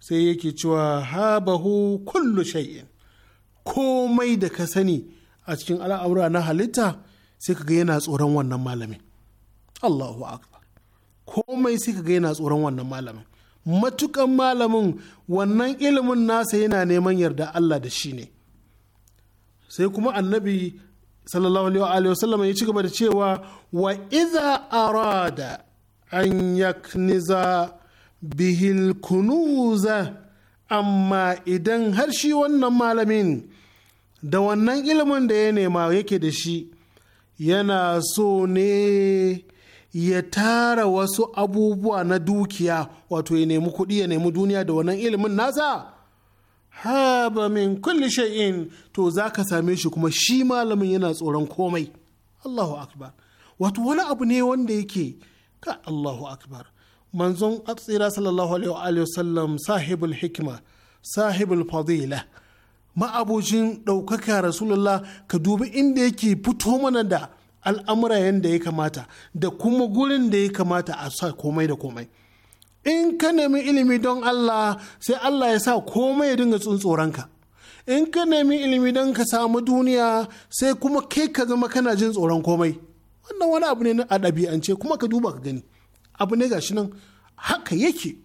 sai yake cewa habahu kullu shay'in komai da ka sani a cikin al'amura na halitta sai ka ga yana tsoron wannan malamin Allahu akbar komai sai ka ga yana tsoron wannan malamin matukan malamin wannan ilimin nasa yana neman yarda Allah da shi ne sai kuma annabi sallallahu alaihi wasallam ya ci gaba da cewa wa iza arada an yakniza bihil kunuza amma idan har shi wannan malamin da wannan ilimin da ya nema yake da shi yana so ne ya tara wasu abubuwa na dukiya wato ya nemi kuɗi ya nemi duniya da wannan ilimin nasa haba min kulli shay'in to za ka same shi kuma shi malamin yana tsoron komai Allahu akbar wato wani abu ne wanda yake ka Allahu akbar manzon atsira sallallahu alaihi wa sallam sahibul hikima sahibul fadila ma'abucin ɗaukaka rasulullah ka dubi inda yake fito mana da al'amura yadda ya kamata da kuma gurin da ya kamata a sa komai da komai in ka nemi ilimi don Allah sai Allah ya sa komai ya dinga tsoronka in ka nemi ilimi don ka samu duniya sai kuma kai ka zama kana jin tsoron komai wannan wani abu ne a ɗabi'ance kuma ka duba ka gani abu ne gashi nan haka yake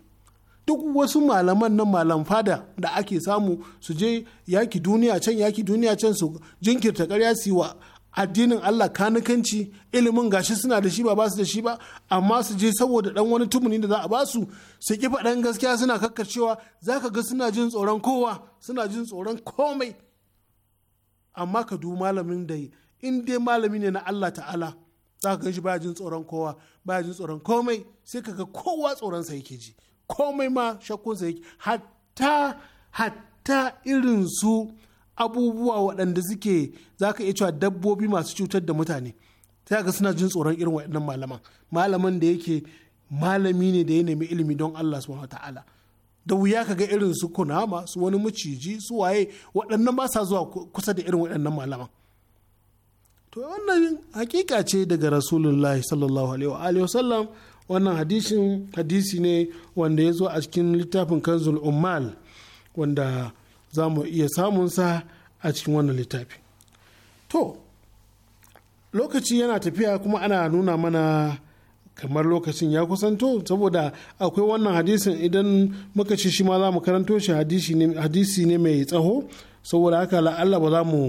duk wasu malaman nan malam fada da ake samu su je yaki duniya can yaki duniya can su jinkirta karya su wa addinin Allah kanikanci ilimin gashi suna da shi ba basu da shi ba amma su je saboda dan wani tumuni da za a ba su ki faɗan gaskiya suna kakkacewa zaka ga suna jin tsoron kowa suna jin tsoron komai amma ka du malamin da in dai malami ne na Allah ta'ala za ka shi baya jin tsoron kowa baya jin tsoron komai sai ka ga kowa tsoron sa yake ji komai ma shakkun sa yake hatta hatta irin su abubuwa waɗanda suke za ka iya cewa dabbobi masu cutar da mutane sai ga suna jin tsoron irin waɗannan malaman malaman da yake malami ne da ya nemi ilimi don Allah subhanahu ta'ala da wuya ka ga irin su kunama su wani maciji su waye waɗannan ba sa zuwa kusa da irin waɗannan malaman to wannan hakika ce daga rasulullahi sallallahu alaihi wa sallam wannan hadisin hadisi ne wanda ya zo a cikin littafin kanzul ummal wanda za mu iya samunsa a cikin wannan littafi to lokaci yana tafiya kuma ana nuna mana kamar lokacin ya kusanto saboda akwai wannan hadisin idan muka ci shi ma za mu karanto shi hadisi ne mai tsaho saboda haka la'alla ba za mu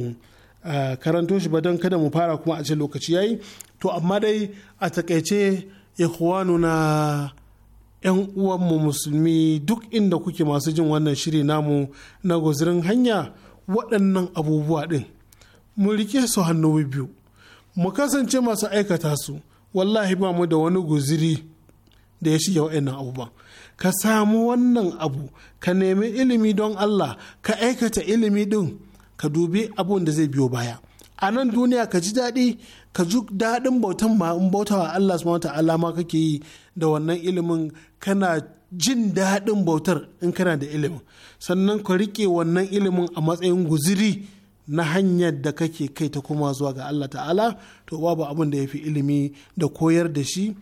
karanto shi ba don kada mu fara kuma a ce lokaci yayi to amma dai a takaice ikhwanuna 'yan uwanmu musulmi duk inda kuke masu jin wannan shiri namu na guzirin hanya waɗannan abubuwa ɗin mu rike su hannu biyu mu kasance masu aikata su wallahi ba mu da wani guziri da ya shiga waɗannan abubuwan ka samu wannan abu ka nemi ilimi don Allah ka aikata ilimi ɗin ka dubi abun da zai biyo baya a nan duniya ka ji daɗi ka ji daɗin bautan ma in bautawa Allah subhanahu ta'ala ma kake yi da wannan ilimin kana jin daɗin bautar in kana da ilimin sannan ka riƙe wannan ilimin a matsayin guziri na hanyar da kake kai ta kuma zuwa ga Allah ta'ala to babu abin da ya fi ilimi da koyar da shi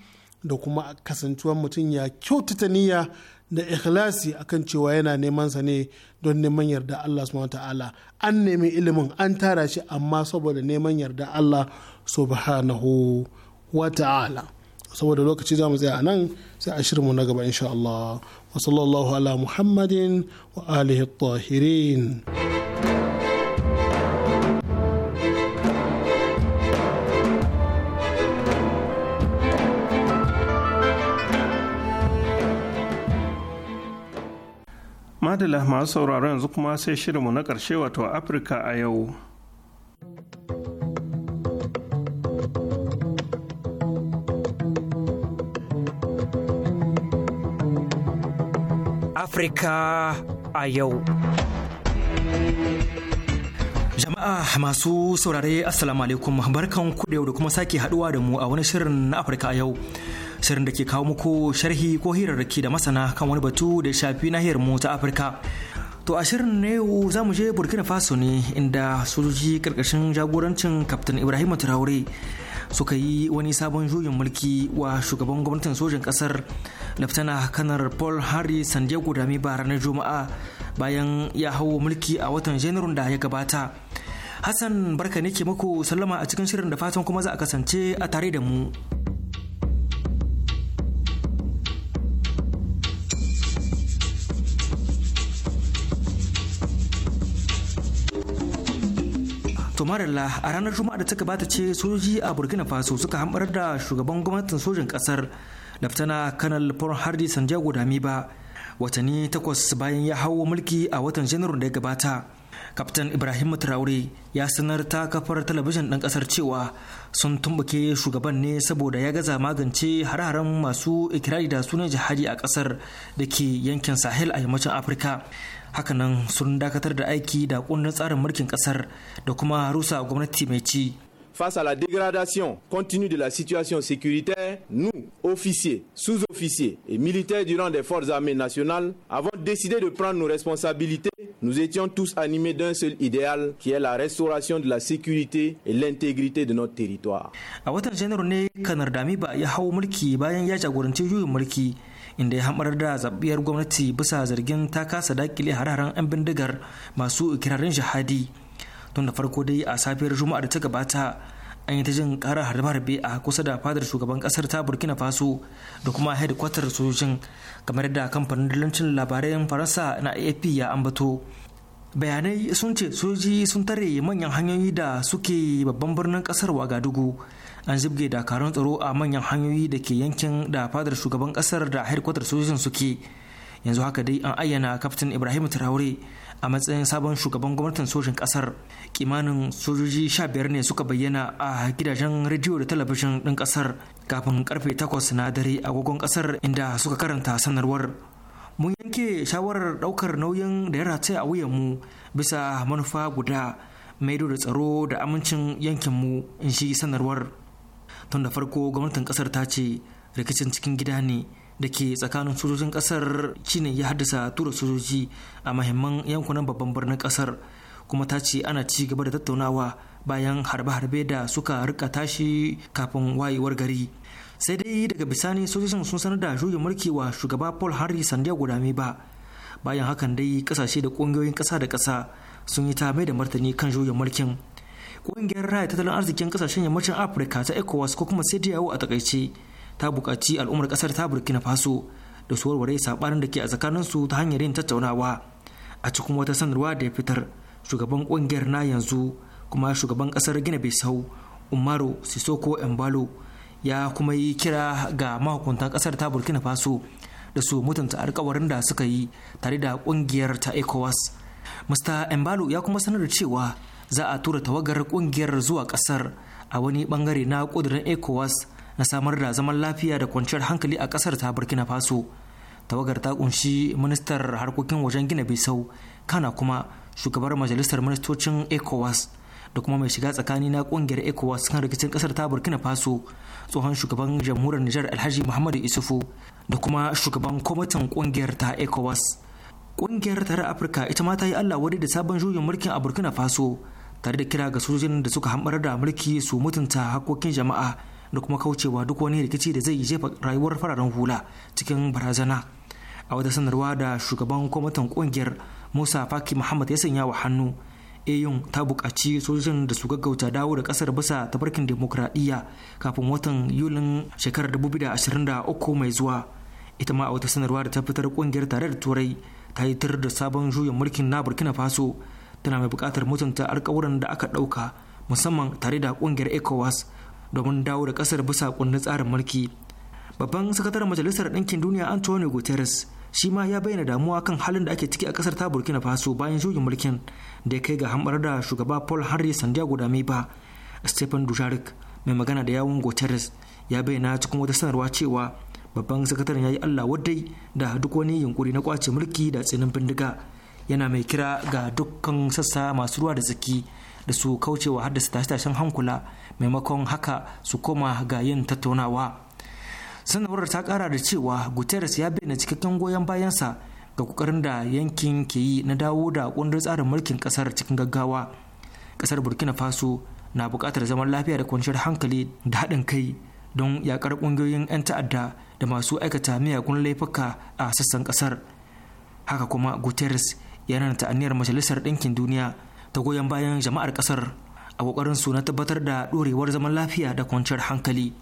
da kuma kasancewar mutum ya kyautata niyya da ikhlasi akan cewa yana neman sa ne don neman yarda Allah subhanahu ta'ala an nemi ilimin an tara shi amma saboda neman yarda Allah subhanahu wa ta'ala saboda lokaci za mu tsaya a nan sai a mu na gaba insha Allah wa sallallahu ala muhammadin wa alihi tahirin madala masu sauraro yanzu kuma sai shirinmu na ƙarshe wato afirka a yau afirka a yau Jama'a masu saurare Assalamu alaikum barkan kudewa da kuma sake haduwa da mu a wani shirin na Afirka a yau. shirin da ke kawo muku sharhi ko hirarraki da masana kan wani batu da shafi nahiyar mu ta Afirka. To a shirin na yau za mu je Burkina Faso ne inda sojoji karkashin jagorancin Kaftin Ibrahim turaure suka yi wani sabon juyin mulki wa shugaban gwamnatin sojin kasar Laftana Kanar Paul Harry diego Dami ba ranar Juma'a bayan ya hau mulki a watan Janairun da ya gabata. Hassan barka ne ke muku sallama a cikin shirin da fatan kuma za a kasance a tare da mu. to marilla a ranar juma'a da ta gabata ce sojoji a burkina faso suka hambar da shugaban gwamnatin sojin kasar laftana kanal hardi sanjago damiba watanni takwas bayan ya hau mulki a watan janairun da ya gabata kaftan ibrahim traore ya sanar ta kafar talabijin ɗan ƙasar cewa sun tumbuke shugaban ne saboda ya gaza magance hare-haren masu ikirari da sunan jihadi a ƙasar da ke yankin sahel a yammacin afirka face à la dégradation continue de la situation sécuritaire, nous, officiers, sous-officiers et militaires du rang des forces armées nationales, avons décidé de prendre nos responsabilités. Nous étions tous animés d'un seul idéal qui est la restauration de la sécurité et l'intégrité de notre territoire. A inda ya hamar da zaɓiyar gwamnati bisa zargin ta kasa dakile hare-haren 'yan bindigar masu ikirarin jihadi tun da farko dai a safiyar juma'ar ta gabata an yi ta jin karar harbe-harbe a kusa da fadar shugaban kasar ta burkina faso da kuma hedikwatar sojojin kamar da kamfanin dalancin labarai faransa na afp ya ambato bayanai sun ce soji sun tare manyan hanyoyi da suke babban birnin kasar wagadugu an zibge dakarun tsaro a manyan hanyoyi da ke yankin da fadar shugaban kasar da harkwatar sojin suke yanzu haka dai an ayyana kaftin ibrahim traore a matsayin sabon shugaban gwamnatin sojin kasar kimanin sojoji sha biyar ne suka bayyana a gidajen rediyo da talabijin ɗin kasar kafin karfe takwas na dare agogon kasar inda suka karanta sanarwar mun yanke shawarar ɗaukar nauyin da ya rataya a wuyanmu bisa manufa guda maido da tsaro da amincin yankinmu in shi sanarwar tun da farko gwamnatin ƙasar ta ce rikicin cikin gida ne da ke tsakanin sojojin ƙasar shine ya haddasa tura sojoji a mahimman yankunan babban birnin ƙasar kuma ta ce ana ci gaba da tattaunawa bayan harbe-harbe da suka rika tashi kafin wayewar gari sai dai daga bisani sojojin sun sanar da juyin mulki wa shugaba paul henry sandiago dami ba bayan hakan dai kasashe da kungiyoyin kasa da kasa sun yi ta mai da martani kan juyin mulkin kungiyar raya tattalin arzikin kasashen yammacin afirka ta ecowas ko kuma cdao a takaice ta bukaci al'ummar kasar ta burkina faso da su warware sabanin da ke a tsakanin su ta hanyar yin tattaunawa a cikin wata sanarwa da ya fitar shugaban kungiyar na yanzu kuma shugaban kasar gina bisau umaru sisoko embalo ya kuma yi kira ga mahukuntan kasar ta burkina faso da su mutunta alkawarin da suka yi tare da kungiyar ta ecowas mr embalo ya kuma sanar da cewa za a tura tawagar kungiyar zuwa kasar a wani bangare na ƙudirin ecowas na samar da zaman lafiya da kwanciyar hankali a kasar ta burkina faso tawagar ta kunshi ministar harkokin wajen gina bisau kana kuma shugabar majalisar ministocin ecowas da kuma mai shiga tsakani na kungiyar ecowas kan rikicin kasar ta burkina faso tsohon shugaban jamhuriyar nijar alhaji muhammadu isufu da kuma shugaban kwamitin kungiyar ta ecowas kungiyar tare afirka ita ma ta yi allah wadi da sabon juyin mulkin a burkina faso tare da kira ga sojojin da suka hambar da mulki su mutunta hakkokin jama'a da kuma kaucewa duk wani rikici da zai jefa rayuwar fararen hula cikin barazana a wata sanarwa da shugaban kwamitin kungiyar musa faki muhammad ya sanya wa hannu ayon ta buƙaci sojojin da su gaggauta dawo da ƙasar bisa tafarkin demokuraɗiyya kafin watan Yulin shekarar 2023 mai zuwa. Ita ma a wata sanarwa da ta fitar ƙungiyar tare da Turai ta yi tar da sabon juyin mulkin na Burkina Faso tana mai buƙatar mutunta alƙawuran da aka ɗauka musamman tare da ƙungiyar ECOWAS domin dawo da ƙasar bisa kundin tsarin mulki. Babban sakataren Majalisar Ɗinkin Duniya Antonio Guterres shi ma ya bayyana damuwa kan halin da ake ciki a kasar ta burkina faso bayan shugin mulkin da ya kai ga hambar da shugaba paul harry santiago da ba stephen dujarik mai magana da yawon guterres ya bayyana cikin wata sanarwa cewa babban sakataren ya yi allah wadai da duk wani yunkuri na kwace mulki da tsinin bindiga yana mai kira ga dukkan sassa masu ruwa da tsaki da su kaucewa haddasa tashe-tashen hankula maimakon haka su koma ga yin tattaunawa sanarwar ta kara da cewa guterres ya bayyana cikakken goyon bayansa ga kokarin da yankin ke yi na dawo da kundin tsarin mulkin kasar cikin gaggawa kasar burkina faso na bukatar zaman lafiya da kwanciyar hankali da haɗin kai don yakar ƙungiyoyin 'yan ta'adda da masu aikata miyagun laifuka a sassan kasar haka kuma guterres yana ta'anniyar majalisar ɗinkin duniya ta goyon bayan jama'ar kasar a kokarin su na tabbatar da ɗorewar zaman lafiya da kwanciyar hankali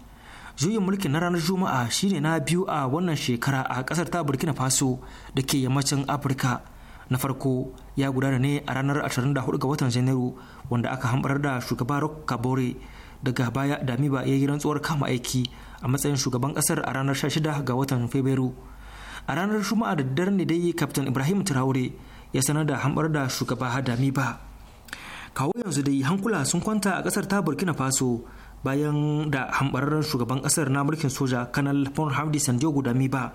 juyin mulkin na ranar juma'a shine na biyu a wannan shekara a kasar ta burkina faso da ke yammacin afirka na farko ya gudana ne a ranar 24 ga watan janairu wanda aka hambar da shugaba rock kabore daga baya damiba ya yi rantsuwar kama aiki a matsayin shugaban kasar a ranar 16 ga watan fabrairu a ranar juma'a da daddare ne dai kaftin ibrahim traore ya sanar da hambar da shugaba damiba kawo yanzu dai hankula sun kwanta a kasar ta burkina faso bayan da hambararren shugaban kasar na mulkin soja kanal pon sandiago dami ba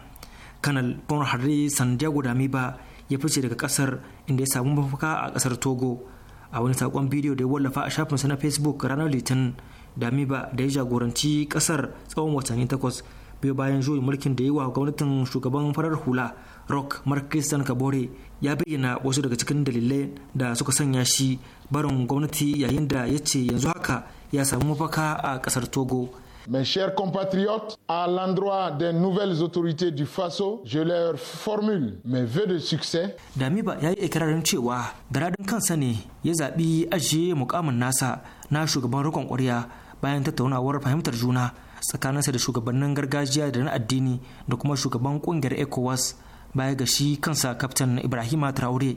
kanal pon sandiago dami ba ya fice daga kasar inda ya samu mafaka a kasar togo a wani sakon bidiyo da ya wallafa a shafinsa na facebook ranar litin dami ba da ya jagoranci kasar tsawon watanni takwas biyu bayan juyin mulkin da yi wa gwamnatin shugaban farar hula rock mark christian kabore ya bayyana wasu daga cikin dalilai da suka sanya shi barin gwamnati yayin da ya ce yanzu haka ya samu mafaka a kasar Togo. Mes chers compatriotes, à l'endroit des nouvelles autorités du Faso, je leur formule mes vœux de succès. Damiba ya yi ikirarin cewa da radin kansa ne ya zaɓi ajiye mukamin nasa na shugaban rikon ƙwarya bayan tattaunawar fahimtar juna tsakaninsa da shugabannin gargajiya da na addini da kuma shugaban ƙungiyar ECOWAS baya ga shi kansa kaftan Ibrahima Traore.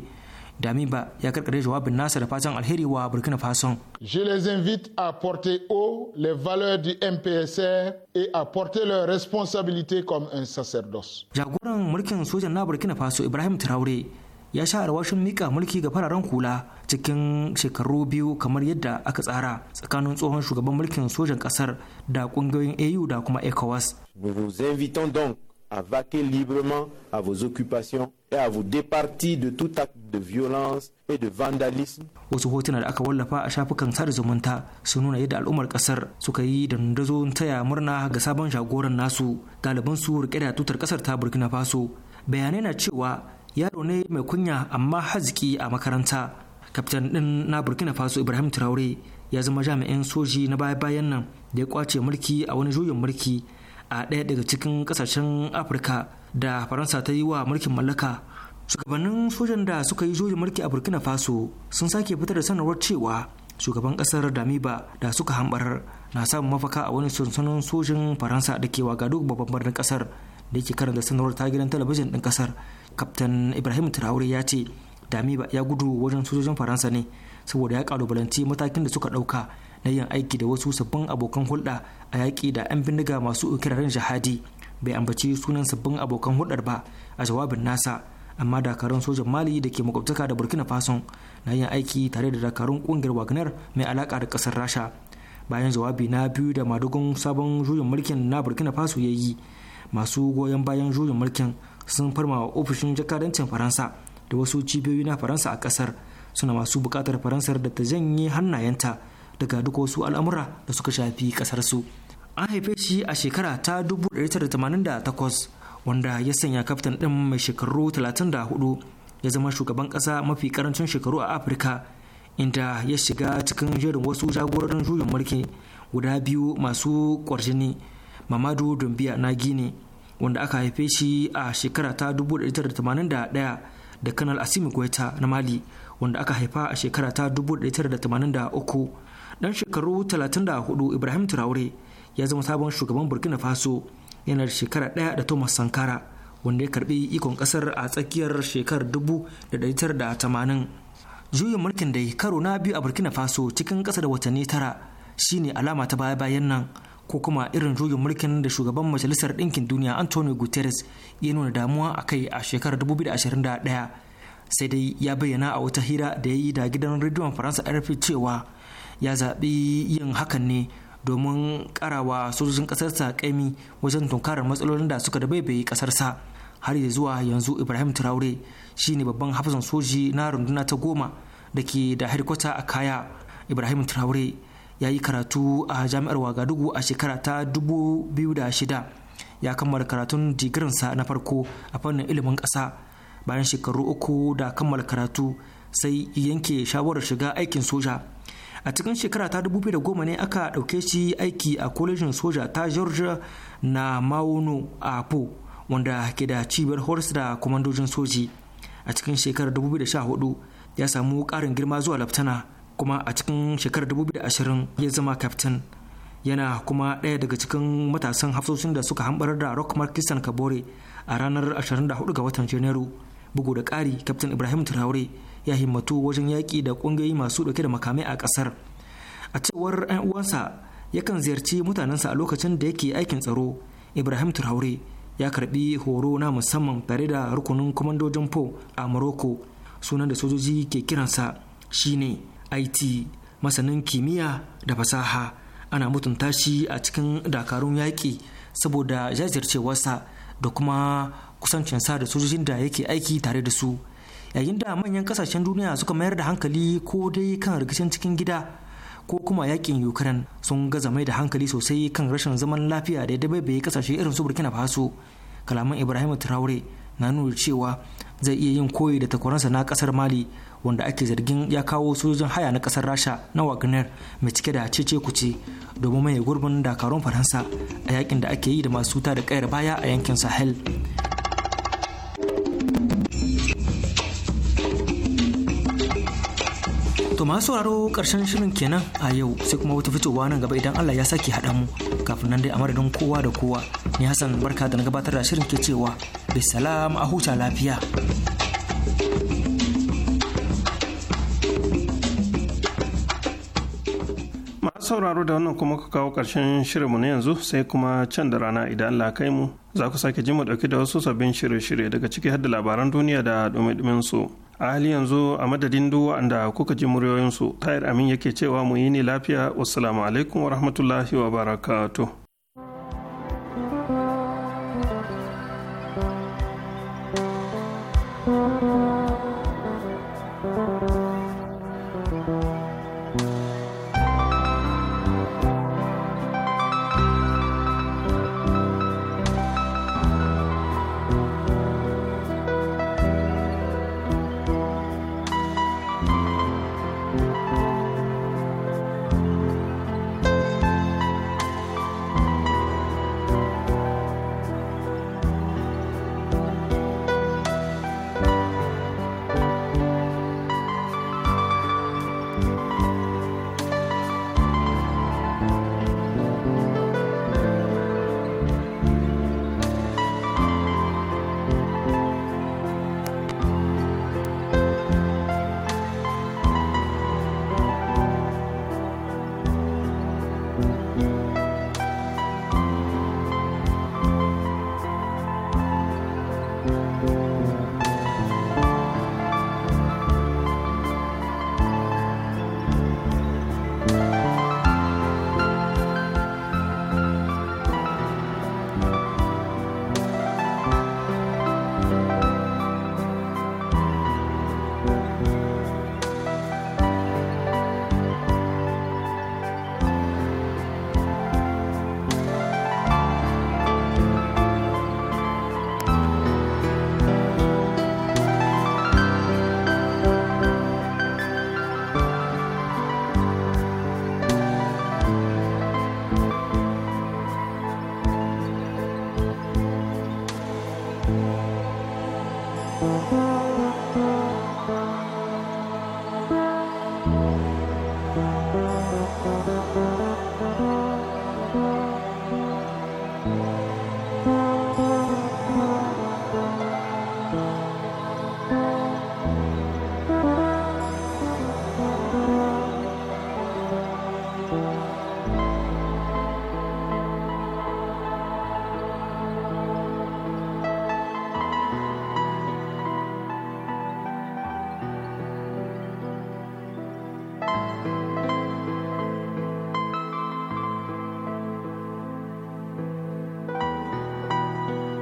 Damiba ya karkare jawabin nasa da fatan alheri wa Burkina Faso. Je les invite à porter haut les valeurs du MPSR et à porter leur responsabilité comme un sacerdoce. Jagoran mulkin sojan na Burkina Faso Ibrahim Traoré ya sha arwashin mika mulki ga fararen kula cikin shekaru biyu kamar yadda aka tsara tsakanin tsohon shugaban mulkin sojan kasar da kungiyoyin AU da kuma ECOWAS. Nous vous invitons donc à vaquer librement à vos occupations et à vous départir de tout acte de violence et de vandalisme. Wasu hotuna da aka wallafa a shafukan sada zumunta sun nuna yadda al'ummar kasar suka yi da dandazon taya murna ga sabon shagoran nasu ɗaliban su rike da tutar kasar ta Burkina Faso. Bayanai na cewa yaro ne mai kunya amma haziki a makaranta. Kaftan din na Burkina Faso Ibrahim Traore ya zama jami'in soji na baya-bayan nan da ya kwace mulki a wani juyin mulki a ɗaya daga cikin ƙasashen afirka da faransa ta yi wa mulkin mallaka shugabannin sojan da suka yi jojin mulki a burkina faso sun sake fitar da sanarwar cewa shugaban ƙasar damiba da suka hambar na samun mafaka a wani sansanin sojin faransa da ke wagadugu babban birnin ƙasar da ke karanta sanarwar ta gidan talabijin ɗin ƙasar kaftan ibrahim traore ya ce damiba ya gudu wajen sojojin faransa ne saboda ya kalubalanci matakin da suka ɗauka na yin aiki da wasu sabbin abokan hulɗa a yaƙi da 'yan bindiga masu ikirarin jihadi bai ambaci sunan sabbin abokan hulɗar ba a jawabin nasa amma dakarun sojan mali da ke makwabtaka da burkina faso na yin aiki tare da dakarun ƙungiyar wagner mai alaƙa da ƙasar rasha bayan jawabi na biyu da madugun sabon juyin mulkin na burkina faso ya yi masu goyon bayan juyin mulkin sun farma wa ofishin jakadancin faransa da wasu cibiyoyi na faransa a ƙasar suna masu buƙatar faransar da ta janye hannayenta daga duk wasu al'amura da suka shafi ƙasarsu. An haife shi a shekara ta 1988 wanda ya sanya kaftan din mai shekaru 34 ya zama shugaban kasa mafi karancin shekaru a Afirka inda ya shiga cikin jerin wasu jagororin juyin mulki guda biyu masu ƙwarjini Mamadu Dumbiya na Gini wanda aka haife shi a shekara ta 1981 da Kanal Asimi Goita na Mali wanda aka haifa a shekara ta 1983 dan shekaru 34 ibrahim traore ya zama sabon shugaban burkina faso yana da shekara ɗaya da thomas sankara wanda ya karbi ikon kasar a tsakiyar shekarar 1980 juyin mulkin da karo na biyu a burkina faso cikin ƙasa da watanni tara shine alama ta baya-bayan nan ko kuma irin juyin mulkin da shugaban majalisar ɗinkin duniya antonio guterres ya nuna damuwa a kai a shekarar 2021 sai dai ya bayyana a wata hira da ya yi da gidan rediyon faransa rfi cewa ya zaɓi yin hakan ne domin ƙarawa sojojin ƙasarsa ƙaimi wajen tunkarar matsalolin da suka da baibaye ƙasarsa har ya zuwa yanzu ibrahim traore shine babban hafizan soji na runduna ta goma da ke da harkwata a kaya ibrahim traore ya yi karatu a jami'ar wagadugu a shekara ta 2006 ya kammala karatun digirinsa na farko a fannin ilimin ƙasa bayan shekaru uku da kammala karatu sai yanke shawarar shiga aikin soja a cikin shekara ta 2010 ne aka ɗauke shi aiki a kwalejin soja ta georgia na mauno a po wanda ke da cibiyar horse da kwamandojin soji a cikin shekarar 2014 ya samu ƙarin girma zuwa laftana kuma a cikin shekarar 2020 ya zama kaftin yana kuma ɗaya daga cikin matasan hafsoshin da suka hambar da rock markistan kabore a ranar 24 ga watan janairu bugu da ƙari kaftin ibrahim turaure ya himmatu wajen yaƙi da ƙungiyoyi masu ɗauke da makamai a ƙasar a cewar 'yan uwansa yakan ziyarci mutanensa a lokacin da yake aikin tsaro ibrahim turhaure ya karbi horo na musamman tare da rukunin kwamandojin po a morocco sunan da sojoji ke kiransa shine it masanin kimiyya da fasaha ana mutunta shi a cikin dakarun yaƙi saboda jajircewarsa da kuma kusancinsa da sojojin da yake aiki tare da su yayin da manyan kasashen duniya suka mayar da hankali ko dai kan rikicin cikin gida ko kuma yakin ukraine sun gaza mai da hankali sosai kan rashin zaman lafiya da ya dabaibaye kasashe irin su burkina faso kalaman ibrahim traore na nuna cewa zai iya yin koyi da takwaransa na kasar mali wanda ake zargin ya kawo sojojin haya na kasar rasha na wagner mai cike da cece kuce domin mai gurbin dakarun faransa a yakin da ake yi da masu ta da kayar baya a yankin sahel To masu sauraro karshen shirin kenan a yau sai kuma wata fitowa nan gaba idan Allah ya sake haɗa mu kafin nan dai a madadin kowa da kowa ni Hassan barka da na gabatar da shirin ke cewa bisalam a huta lafiya. sauraro da wannan kuma ka kawo ƙarshen shirinmu na yanzu sai kuma can da rana idan Allah kai mu za ku sake ji mu dauki da wasu sabbin shirye-shirye daga ciki har da labaran duniya da dumi su a hali yanzu a madadin duk wanda kuka ji muryoyinsu tahir amin yake cewa mu yi ne lafiya wassalamu alaikum wa rahmatullahi wa barakatuh